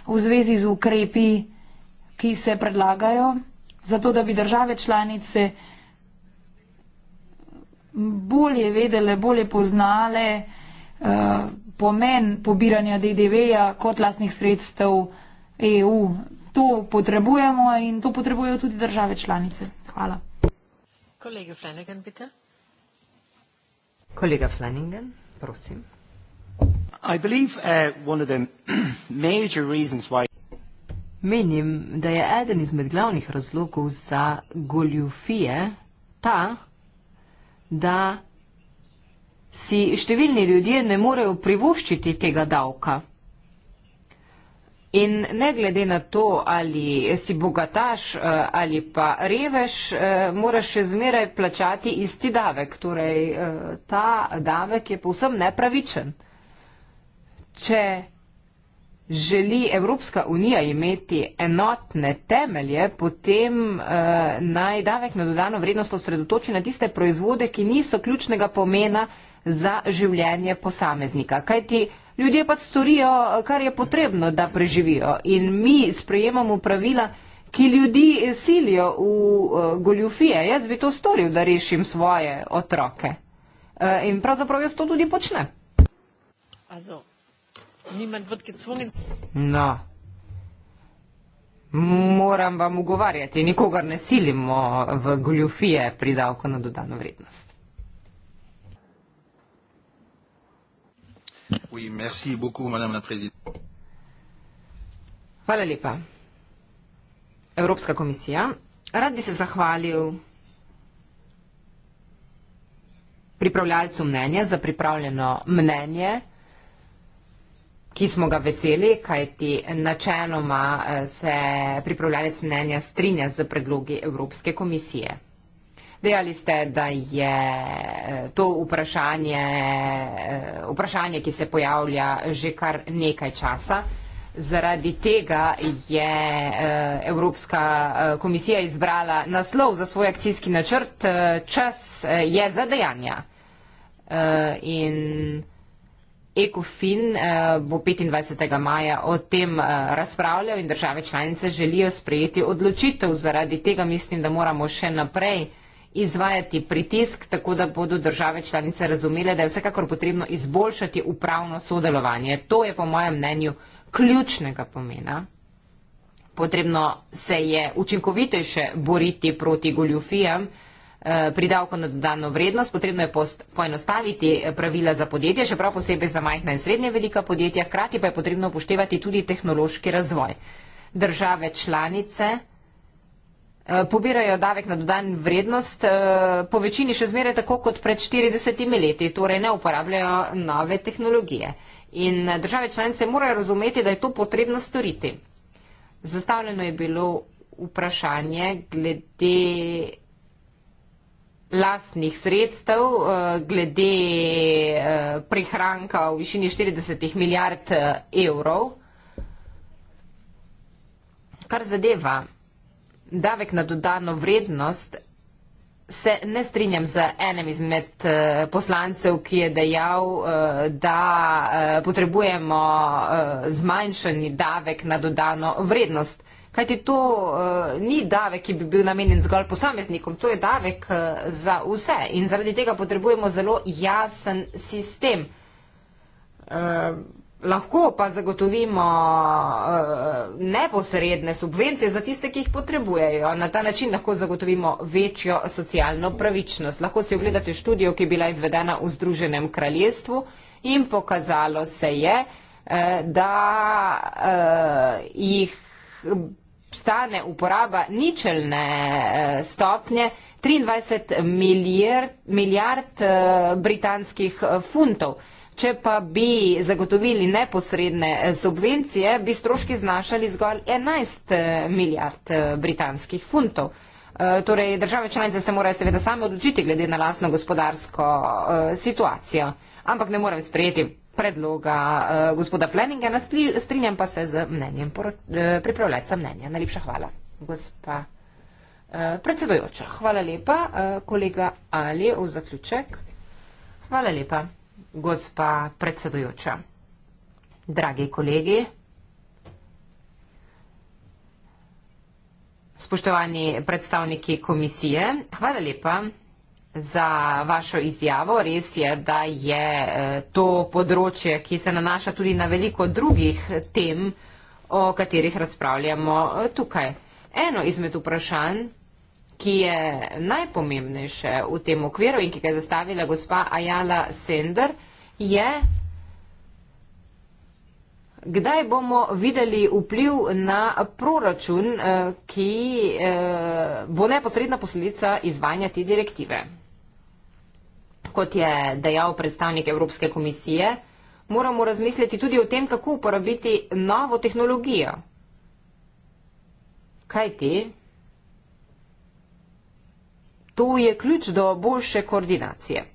v zvezi z ukrepi, ki se predlagajo, zato da bi države članice bolje vedele, bolje poznale uh, pomen pobiranja DDV-ja kot lasnih sredstev EU. To potrebujemo in to potrebujejo tudi države članice. Hvala. Kolega Flanagan, bitte. Kolega Flanagan, prosim. I believe uh, one of the major reasons why. Menim, da je eden izmed glavnih razlogov za goljufije ta, da si številni ljudje ne morejo privoščiti tega davka. In ne glede na to, ali si bogataš eh, ali pa revež, eh, moraš še zmeraj plačati isti davek. Torej, eh, ta davek je povsem nepravičen. Če želi Evropska unija imeti enotne temelje, potem naj davek na dodano vrednost osredotoči na tiste proizvode, ki niso ključnega pomena za življenje posameznika. Kajti ljudje pač storijo, kar je potrebno, da preživijo in mi sprejemamo pravila, ki ljudi silijo v eh, goljufije. Jaz bi to storil, da rešim svoje otroke. Eh, in pravzaprav jaz to tudi počne. No. Moram vam ugovarjati, nikogar ne silimo v goljufije pri davko na dodano vrednost. Oui, merci beaucoup, Madame la Présidente. Hvala lepa. Evropska komisija, rad bi se zahvalil pripravljalcu mnenja za pripravljeno mnenje, ki smo ga veseli, kajti načeloma eh, se pripravljalec mnenja strinja za predlogi Evropske komisije. Dejali ste, da je eh, to vprašanje, eh, vprašanje, ki se pojavlja že kar nekaj časa. Zaradi tega je eh, Evropska komisija izbrala naslov za svoj akcijski načrt Čas je za dejanja. In Ekofin bo 25. maja o tem razpravljal in države članice želijo sprejeti odločitev. Zaradi tega mislim, da moramo še naprej izvajati pritisk, tako da bodo države članice razumele, da je vsekakor potrebno izboljšati upravno sodelovanje. To je po mojem mnenju ključnega pomena. Potrebno se je učinkovitejše boriti proti goljufijam eh, pri davko na dodano vrednost, potrebno je poenostaviti eh, pravila za podjetje, še prav posebej za majhna in srednje velika podjetja, hkrati pa je potrebno upoštevati tudi tehnološki razvoj. Države članice Eh, pobirajo davek na dodan vrednost, eh, po večini še zmeraj tako kot pred 40 leti, torej ne uporabljajo nove tehnologije. In eh, države članice morajo razumeti, da je to potrebno storiti. Zastavljeno je bilo vprašanje glede lastnih sredstev, glede prihranka v višini 40 milijard evrov. Kar zadeva davek na dodano vrednost, se ne strinjam z enem izmed eh, poslancev, ki je dejal, eh, da eh, potrebujemo zmanjšani davek na dodano vrednost. Kajti to ni davek, ki bi bil namenjen zgolj posameznikom, to je davek za vse in zaradi tega potrebujemo zelo jasen sistem. Lahko pa zagotovimo uh, neposredne subvencije za tiste, ki jih potrebujejo. Na ta način lahko zagotovimo večjo socialno pravičnost. Lahko si ogledate študijo, ki je bila izvedena v Združenem kraljestvu in pokazalo se je, uh, da uh, jih stane uporaba ničelne uh, stopnje 23 milijard, milijard uh, britanskih uh, funtov. Če pa bi zagotovili neposredne eh, subvencije, bi stroški znašali zgolj 11 eh, milijard eh, britanskih funtov. Torej, države članice se morajo seveda same odločiti glede na lastno gospodarsko situacijo. Ampak ne morem sprejeti predloga gospoda Fleninga, strinjam pa se z mnenjem pripravljalca mnenja. Najlepša hvala, gospa predsedojoča. Hvala lepa, kolega Ali, v zaključek. Hvala lepa gospa predsedujoča. Dragi kolegi, spoštovani predstavniki komisije, hvala lepa za vašo izjavo. Res je, da je eh, to področje, ki se nanaša tudi na veliko drugih tem, o katerih razpravljamo eh, tukaj. Eno izmed vprašanj ki je najpomembnejše v tem okviru in ki ga je zastavila gospa Ajala Sender, je, kdaj bomo videli vpliv na proračun, eh, ki eh, bo neposredna posledica izvanja te direktive. Kot je dejal predstavnik Evropske komisije, moramo razmisliti tudi o tem, kako uporabiti novo tehnologijo. Kaj ti? To je ključ do boljše koordinacije.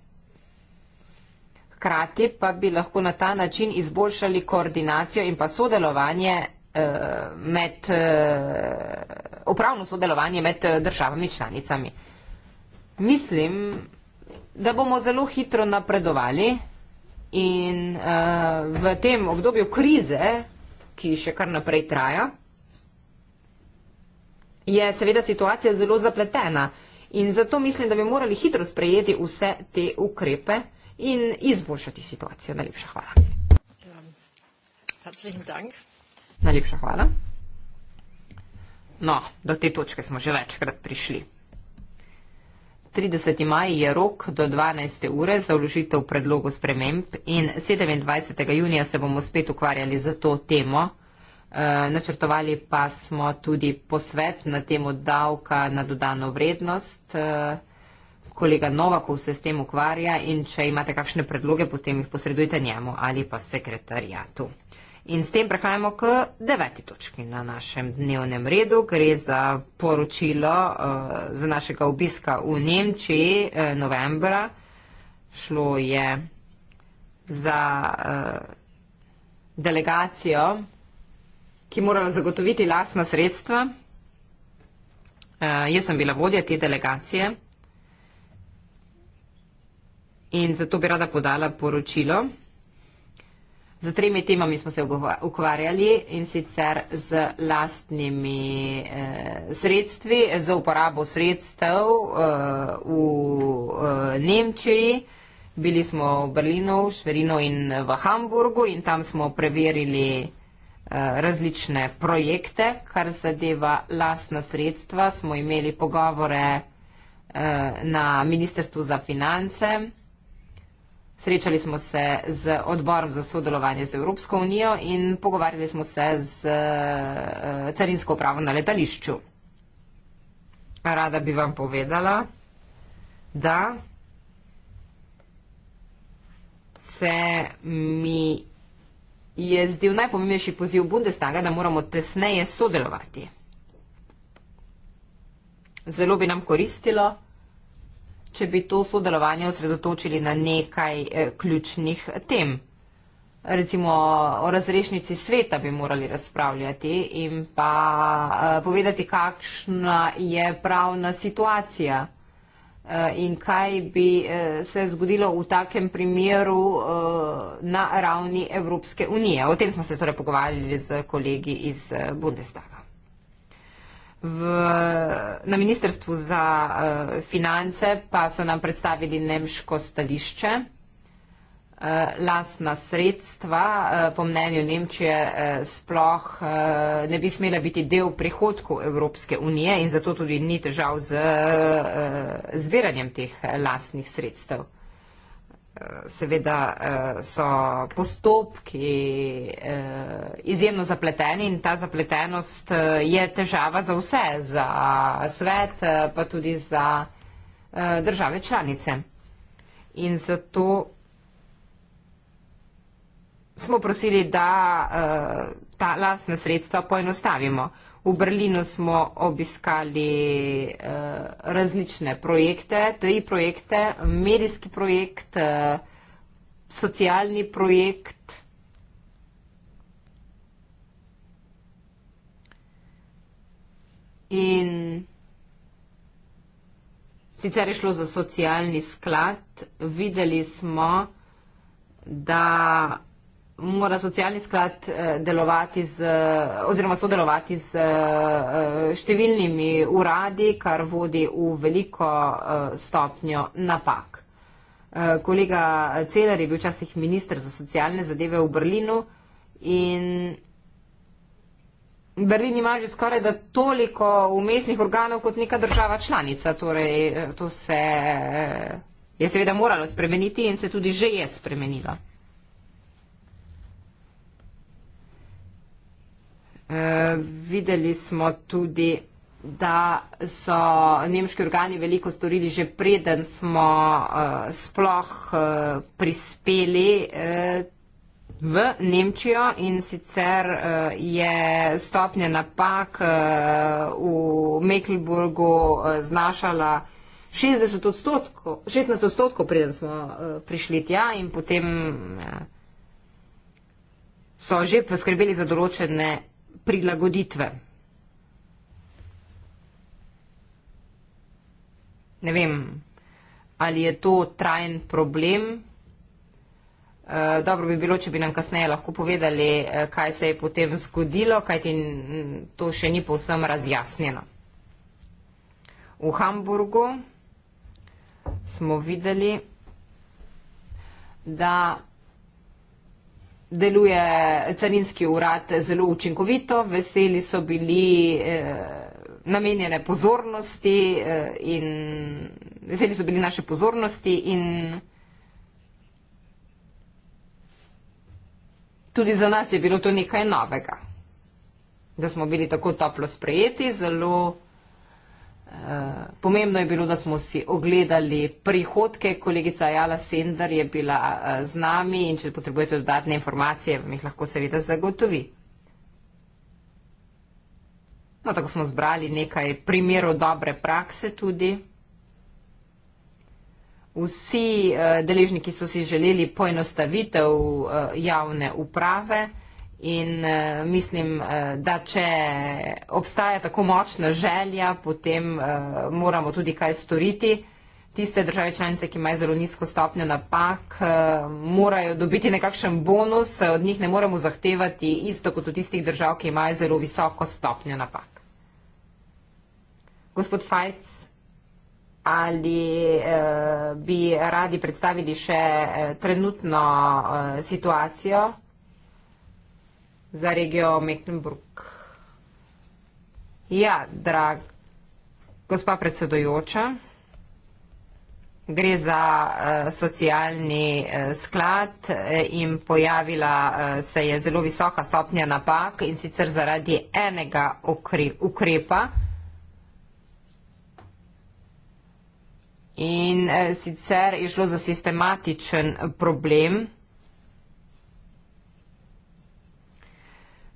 Hkrati pa bi lahko na ta način izboljšali koordinacijo in pa sodelovanje eh, med, eh, upravno sodelovanje med eh, državami članicami. Mislim, da bomo zelo hitro napredovali in v tem obdobju krize, ki še kar naprej traja, je seveda situacija zelo zapletena. In zato mislim, da bi morali hitro sprejeti vse te ukrepe in izboljšati situacijo. Najlepša hvala. Najlepša hvala. No, do te točke smo že večkrat prišli. 30. maj je rok do 12. ure za vložitev predlogu sprememb in 27. junija se bomo spet ukvarjali za to temo. Eh, načrtovali pa smo tudi posvet na temo davka na dodano vrednost. Eh, kolega Novakov se s tem ukvarja in če imate kakšne predloge, potem jih posredujte njemu ali pa sekretarjatu. In s tem prehajamo k deveti točki na našem dnevnem redu. Gre za poročilo uh, eh, za našega obiska v Nemčiji eh, novembra. Šlo je za uh, delegacijo ki morala zagotoviti lasna sredstva. Uh, jaz sem bila vodja te delegacije in zato bi rada podala poročilo. Za tremi temami smo se ukvarjali in sicer z lastnimi eh, sredstvi, z uporabo sredstev eh, v eh, Nemčiji. Bili smo v Berlinu, Šverinu in v Hamburgu in tam smo preverili Eh, različne projekte, kar zadeva lasna sredstva. Smo imeli pogovore eh, na Ministrstvu za finance. Srečali smo se z odborom za sodelovanje z Evropsko unijo in pogovarjali smo se z eh, carinsko upravo na letališču. Rada bi vam povedala, da se mi je zdel najpomembnejši poziv Bundestaga, da moramo tesneje sodelovati. Zelo bi nam koristilo, če bi to sodelovanje osredotočili na nekaj eh, ključnih tem. Recimo o razrešnici sveta bi morali razpravljati in pa eh, povedati, kakšna je pravna situacija. Eh, in kaj bi eh, se zgodilo v takem primeru eh, na ravni Evropske unije. O tem smo se torej pogovarjali z kolegi iz Bundestaga. V, na ministrstvu za finance pa so nam predstavili nemško stališče. Eh, lastna sredstva, eh, po mnenju Nemčije eh, sploh ne bi smela biti del prihodkov Evropske unije in zato tudi ni težav z zbiranjem teh lastnih sredstev. Seveda so postopki izjemno zapleteni in ta zapletenost je težava za vse, za svet, pa tudi za države članice. In zato smo prosili, da uh, ta lasna sredstva poenostavimo. V Berlinu smo obiskali uh, različne projekte, tri projekte, medijski projekt, uh, socialni projekt. In sicer je šlo za socialni sklad, videli smo, da mora socialni sklad eh, delovati z, oziroma sodelovati z eh, številnimi uradi, kar vodi v veliko eh, stopnjo napak. Kolega Celer je bil včasih minister za socialne zadeve v Berlinu in Berlin ima že skoraj da toliko umestnih organov kot neka država članica, torej to se je seveda moralo spremeniti in se tudi že je spremenilo. Eh, videli smo tudi, da so nemški organi veliko storili že preden smo eh, sploh eh, prispeli v Nemčijo in sicer je stopnja napak v Mecklenburgu znašala 60 odstotkov, 16 odstotkov, preden smo prišli tja in potem so že poskrbeli za določene prilagoditve. Ne vem, ali je to trajen problem. Eh, dobro bi bilo, če bi nam kasneje lahko povedali, eh, kaj se je potem zgodilo, kajti to še ni povsem razjasnjeno. V Hamburgu smo videli, da deluje carinski urad zelo učinkovito, veseli so bili eh, namenjene pozornosti eh, in veseli so bili naše pozornosti in tudi za nas je bilo to nekaj novega, da smo bili tako toplo sprejeti, zelo pomembno je bilo, da smo si ogledali prihodke. Kolegica Jala Sender je bila uh, z nami in če potrebujete dodatne informacije, vam jih lahko seveda zagotovi. No, tako smo zbrali nekaj primerov dobre prakse tudi. Vsi uh, deležniki so si želeli poenostavitev uh, javne uprave. In uh, mislim, uh, da če obstaja tako močna želja, potem uh, moramo tudi kaj storiti. Tiste države članice, ki imajo zelo nizko stopnjo napak, uh, morajo dobiti nekakšen bonus, od njih ne moremo zahtevati isto kot od tistih držav, ki imajo zelo visoko stopnjo napak. Gospod Fajc, ali uh, bi radi predstavili še uh, trenutno uh, situacijo? za regijo Mecklenburg. Ja, drag, gospa predsedojoča, gre za uh, socialni uh, sklad eh, in pojavila uh, se je zelo visoka stopnja napak in sicer zaradi enega ukre ukrepa. In sicer je šlo za sistematičen problem,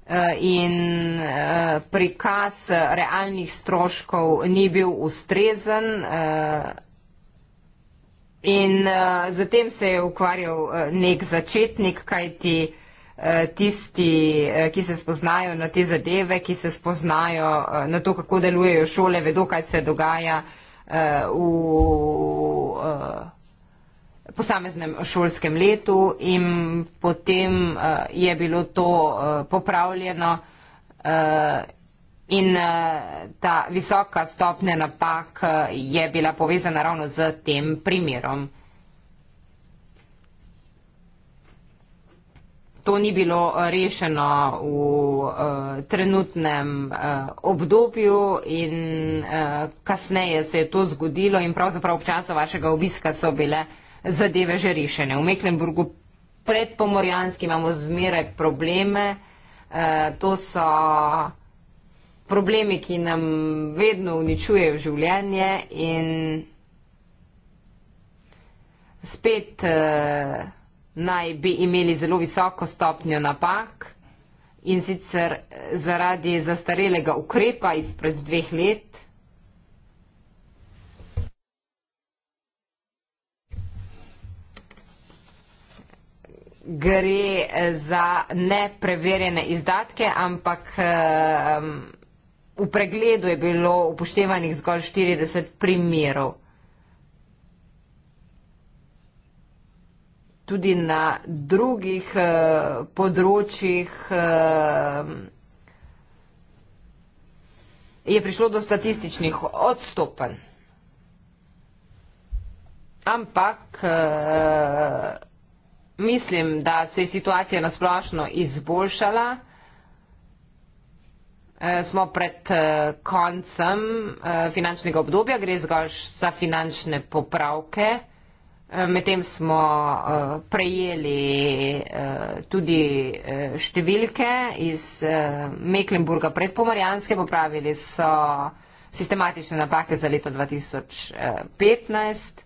Eh, in eh, prikaz realnih stroškov ni bil ustrezen. Eh, in zatem se je ukvarjal nek začetnik, kaj ti tisti, ki se spoznajo na te zadeve, ki se spoznajo na to, kako delujejo šole, vedo, kaj se dogaja v posameznem šolskem letu in potem uh, je bilo to uh, popravljeno uh, in uh, ta visoka stopnja napak uh, je bila povezana ravno z tem primerom. To ni bilo rešeno v uh, trenutnem uh, obdobju in uh, kasneje se je to zgodilo in pravzaprav v času vašega obiska so bile uh, zadeve že rešene. V Mecklenburgu pred Pomorjanskim imamo zmeraj probleme. E, to so problemi, ki nam vedno uničujejo življenje in spet e, naj bi imeli zelo visoko stopnjo napak in sicer eh, zaradi zastarelega ukrepa izpred dveh let. gre eh, za nepreverjene izdatke, ampak eh, v pregledu je bilo upoštevanih zgolj 40 primerov. Tudi na drugih eh, področjih je prišlo do statističnih odstopanj. Ampak mislim, da se je situacija nasplošno izboljšala. Eh, smo pred eh, koncem eh, finančnega obdobja, gre zgolj za finančne popravke. Medtem smo prejeli tudi številke iz Mecklenburga predpomorjanske, popravili so sistematične napake za leto 2015.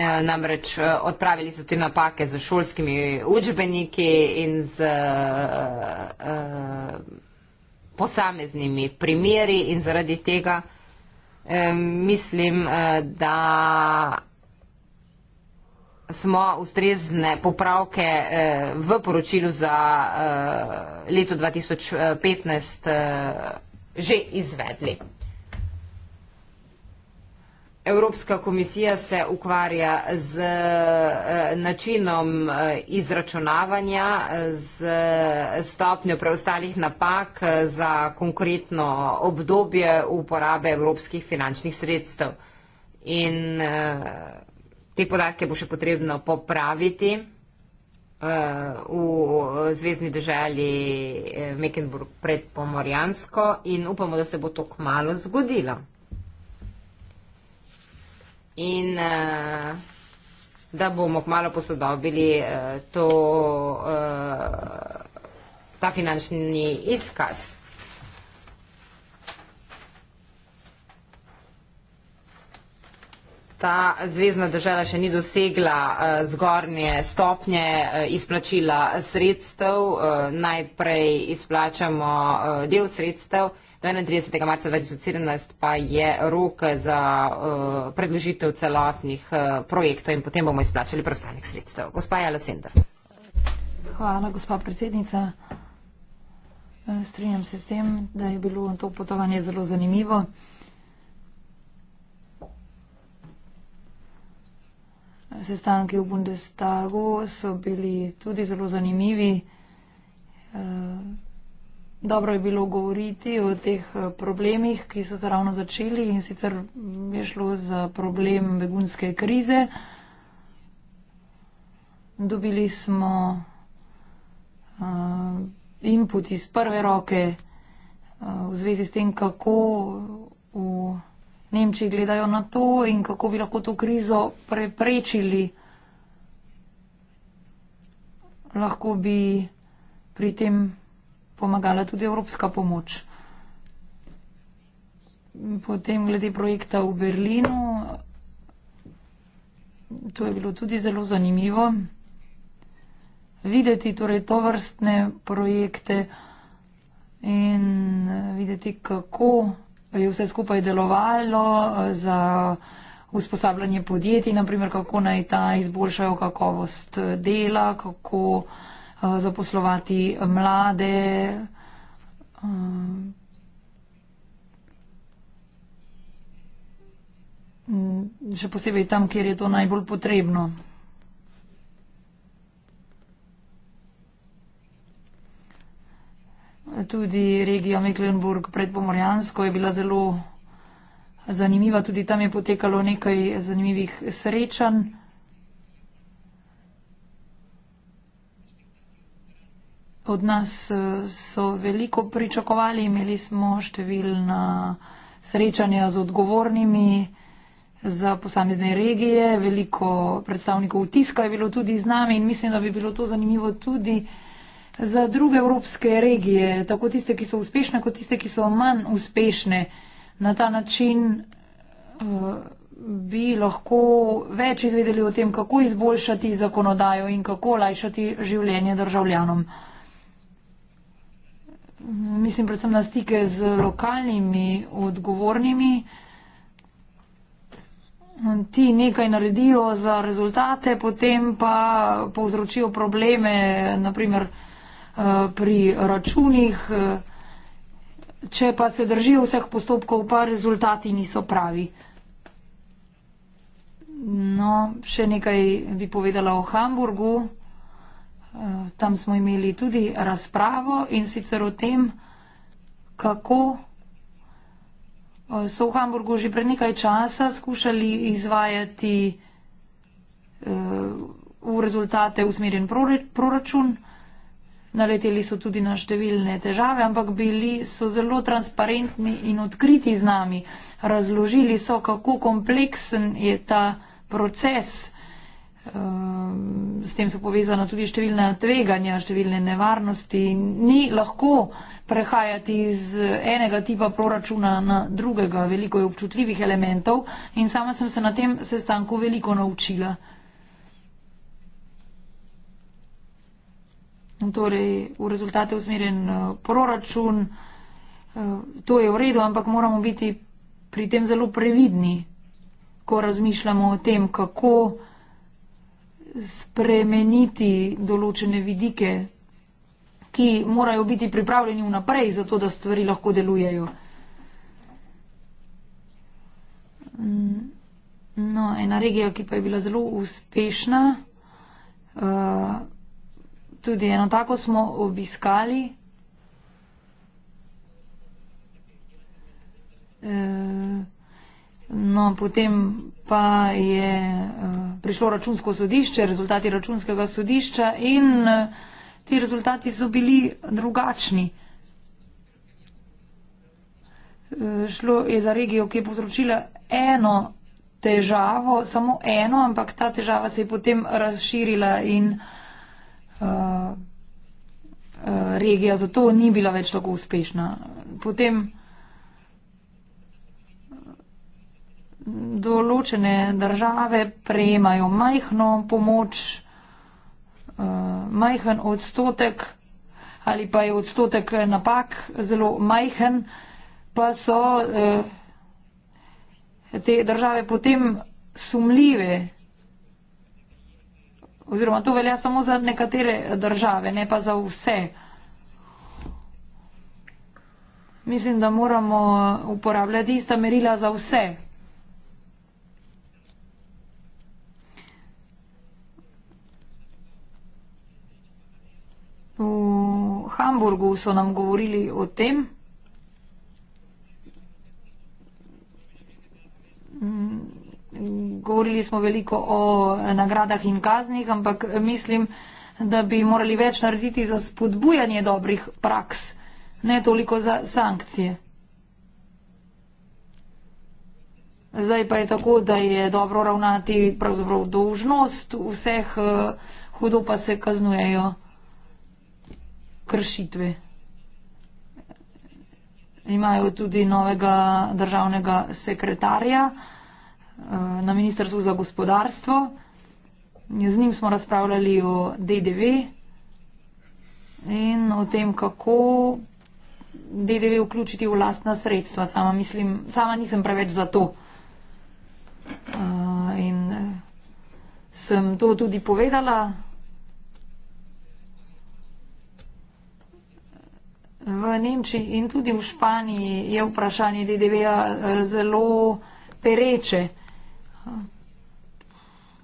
Eh, namreč eh, odpravili so te napake z šolskimi učbeniki in z eh, posameznimi primeri in zaradi tega mislim, da smo ustrezne popravke v poročilu za leto 2015 že izvedli. Evropska komisija se ukvarja z eh, načinom eh, izračunavanja, eh, z stopnjo preostalih napak za konkretno obdobje uporabe evropskih finančnih sredstev. In te podatke bo še potrebno popraviti v Zvezdni državi Mecklenburg pred Pomorjansko in upamo, da se bo to kmalo zgodilo in uh, da bomo kmalo posodobili uh, to, uh, ta finančni izkaz. Ta zvezdna država še ni dosegla uh, zgornje stopnje uh, izplačila sredstev. Uh, najprej izplačamo uh, del sredstev do 31. marca 2017 pa je rok za uh, predložitev celotnih uh, projektov in potem bomo izplačali preostanek sredstev. Gospa Jala Sender. Hvala, gospa predsednica. Eh, strinjam se s tem, da je bilo to potovanje zelo zanimivo. Sestanki v Bundestagu so bili tudi zelo zanimivi. Uh, Dobro je bilo govoriti o teh eh, problemih, ki so se ravno začeli in sicer mm, je šlo za problem begunske krize. Dobili smo uh, input iz prve roke uh, v zvezi s tem, kako v Nemčiji gledajo na to in kako bi lahko to krizo preprečili. Lahko bi pri tem pomagala tudi evropska pomoč. Potem glede projekta v Berlinu, to je bilo tudi zelo zanimivo. Videti torej to vrstne projekte in eh, videti, kako je vse skupaj delovalo eh, za usposabljanje podjetij, naprimer kako naj ta izboljšajo kakovost eh, dela, kako Eh, zaposlovati mlade. Eh, še posebej tam, kjer je to najbolj potrebno. Tudi regija Mecklenburg-Predpomorjansko je bila zelo zanimiva, tudi tam je potekalo nekaj zanimivih srečanj. od nas eh, so veliko pričakovali, imeli smo številna srečanja z odgovornimi za posamezne regije, veliko predstavnikov tiska je bilo tudi z nami in mislim, da bi bilo to zanimivo tudi za druge evropske regije, tako tiste, ki so uspešne, kot tiste, ki so manj uspešne. Na ta način eh, bi lahko več izvedeli o tem, kako izboljšati zakonodajo in kako lajšati življenje državljanom mislim predvsem na stike z lokalnimi odgovornimi. Ti nekaj naredijo za rezultate, potem pa povzročijo probleme, naprimer eh, pri računih. Če pa se držijo vseh postopkov, pa rezultati niso pravi. No, še nekaj bi povedala o Hamburgu tam smo imeli tudi razpravo in sicer o tem, kako eh, so v Hamburgu že pred nekaj časa skušali izvajati eh, v rezultate usmerjen proračun. Naleteli so tudi na številne težave, ampak bili so zelo transparentni in odkriti z nami. Razložili so, kako kompleksen je ta proces. Ehm, s tem so povezana tudi številna tveganja, številne nevarnosti. Ni lahko prehajati iz enega tipa proračuna na drugega. Veliko je občutljivih elementov in sama sem se na tem sestanku veliko naučila. Torej, v rezultate usmerjen eh, proračun, eh, to je v redu, ampak moramo biti pri tem zelo previdni, ko razmišljamo o tem, kako spremeniti določene vidike, ki morajo biti pripravljeni vnaprej, zato da stvari lahko delujejo. No, ena regija, ki pa je bila zelo uspešna, eh, tudi eno tako smo obiskali. Uh, No, potem pa je eh, prišlo računsko sodišče, rezultati računskega sodišča in eh, ti rezultati so bili drugačni. Eh, šlo je za regijo, ki je povzročila eno težavo, samo eno, ampak ta težava se je potem razširila in uh, regija zato ni bila več tako uspešna. Potem, določene države prejemajo majhno pomoč, eh, majhen odstotek ali pa je odstotek napak zelo majhen, pa so eh, te države potem sumljive. Oziroma to velja samo za nekatere države, ne pa za vse. Mislim, da moramo uporabljati ista merila za vse. V Hamburgu so nam govorili o tem. Mm, govorili smo veliko o nagradah in kaznih, ampak mislim, da bi morali več narediti za spodbujanje dobrih praks, ne toliko za sankcije. Zdaj pa je tako, da je dobro ravnati pravzaprav dolžnost, vseh eh, hudo pa se kaznujejo kršitve. Imajo tudi novega državnega sekretarja eh, na Ministrstvu za gospodarstvo. Z njim smo razpravljali o DDV in o tem, kako DDV vključiti v lastna sredstva. Sama, mislim, sama nisem preveč za to. Eh, in eh, sem to tudi povedala. v Nemčiji in tudi v Španiji je vprašanje DDV-ja eh, zelo pereče.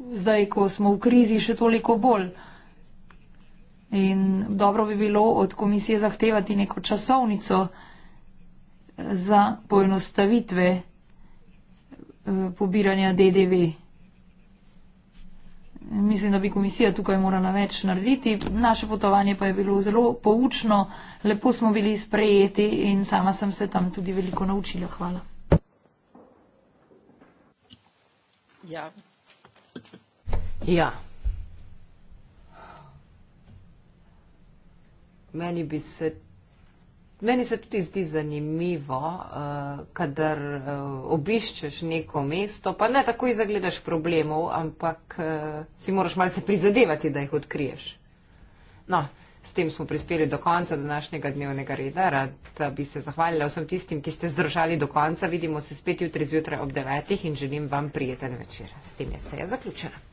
Zdaj, ko smo v krizi, še toliko bolj. In dobro bi bilo od komisije zahtevati neko časovnico eh, za poenostavitve eh, pobiranja DDV-ja. Mislim, da bi komisija tukaj morala več narediti. Naše potovanje pa je bilo zelo poučno, lepo smo bili sprejeti in sama sem se tam tudi veliko naučila. Hvala. Ja. ja. Meni bi se Meni se tudi zdi zanimivo, eh, kadar eh, obiščeš neko mesto, pa ne takoj zagledaš problemov, ampak eh, si moraš malce prizadevati, da jih odkriješ. No, s tem smo prispeli do konca današnjega dnevnega reda. Rad bi se zahvalila vsem tistim, ki ste zdržali do konca. Vidimo se spet jutri zjutraj ob devetih in želim vam prijeten večer. S tem je seja zaključena.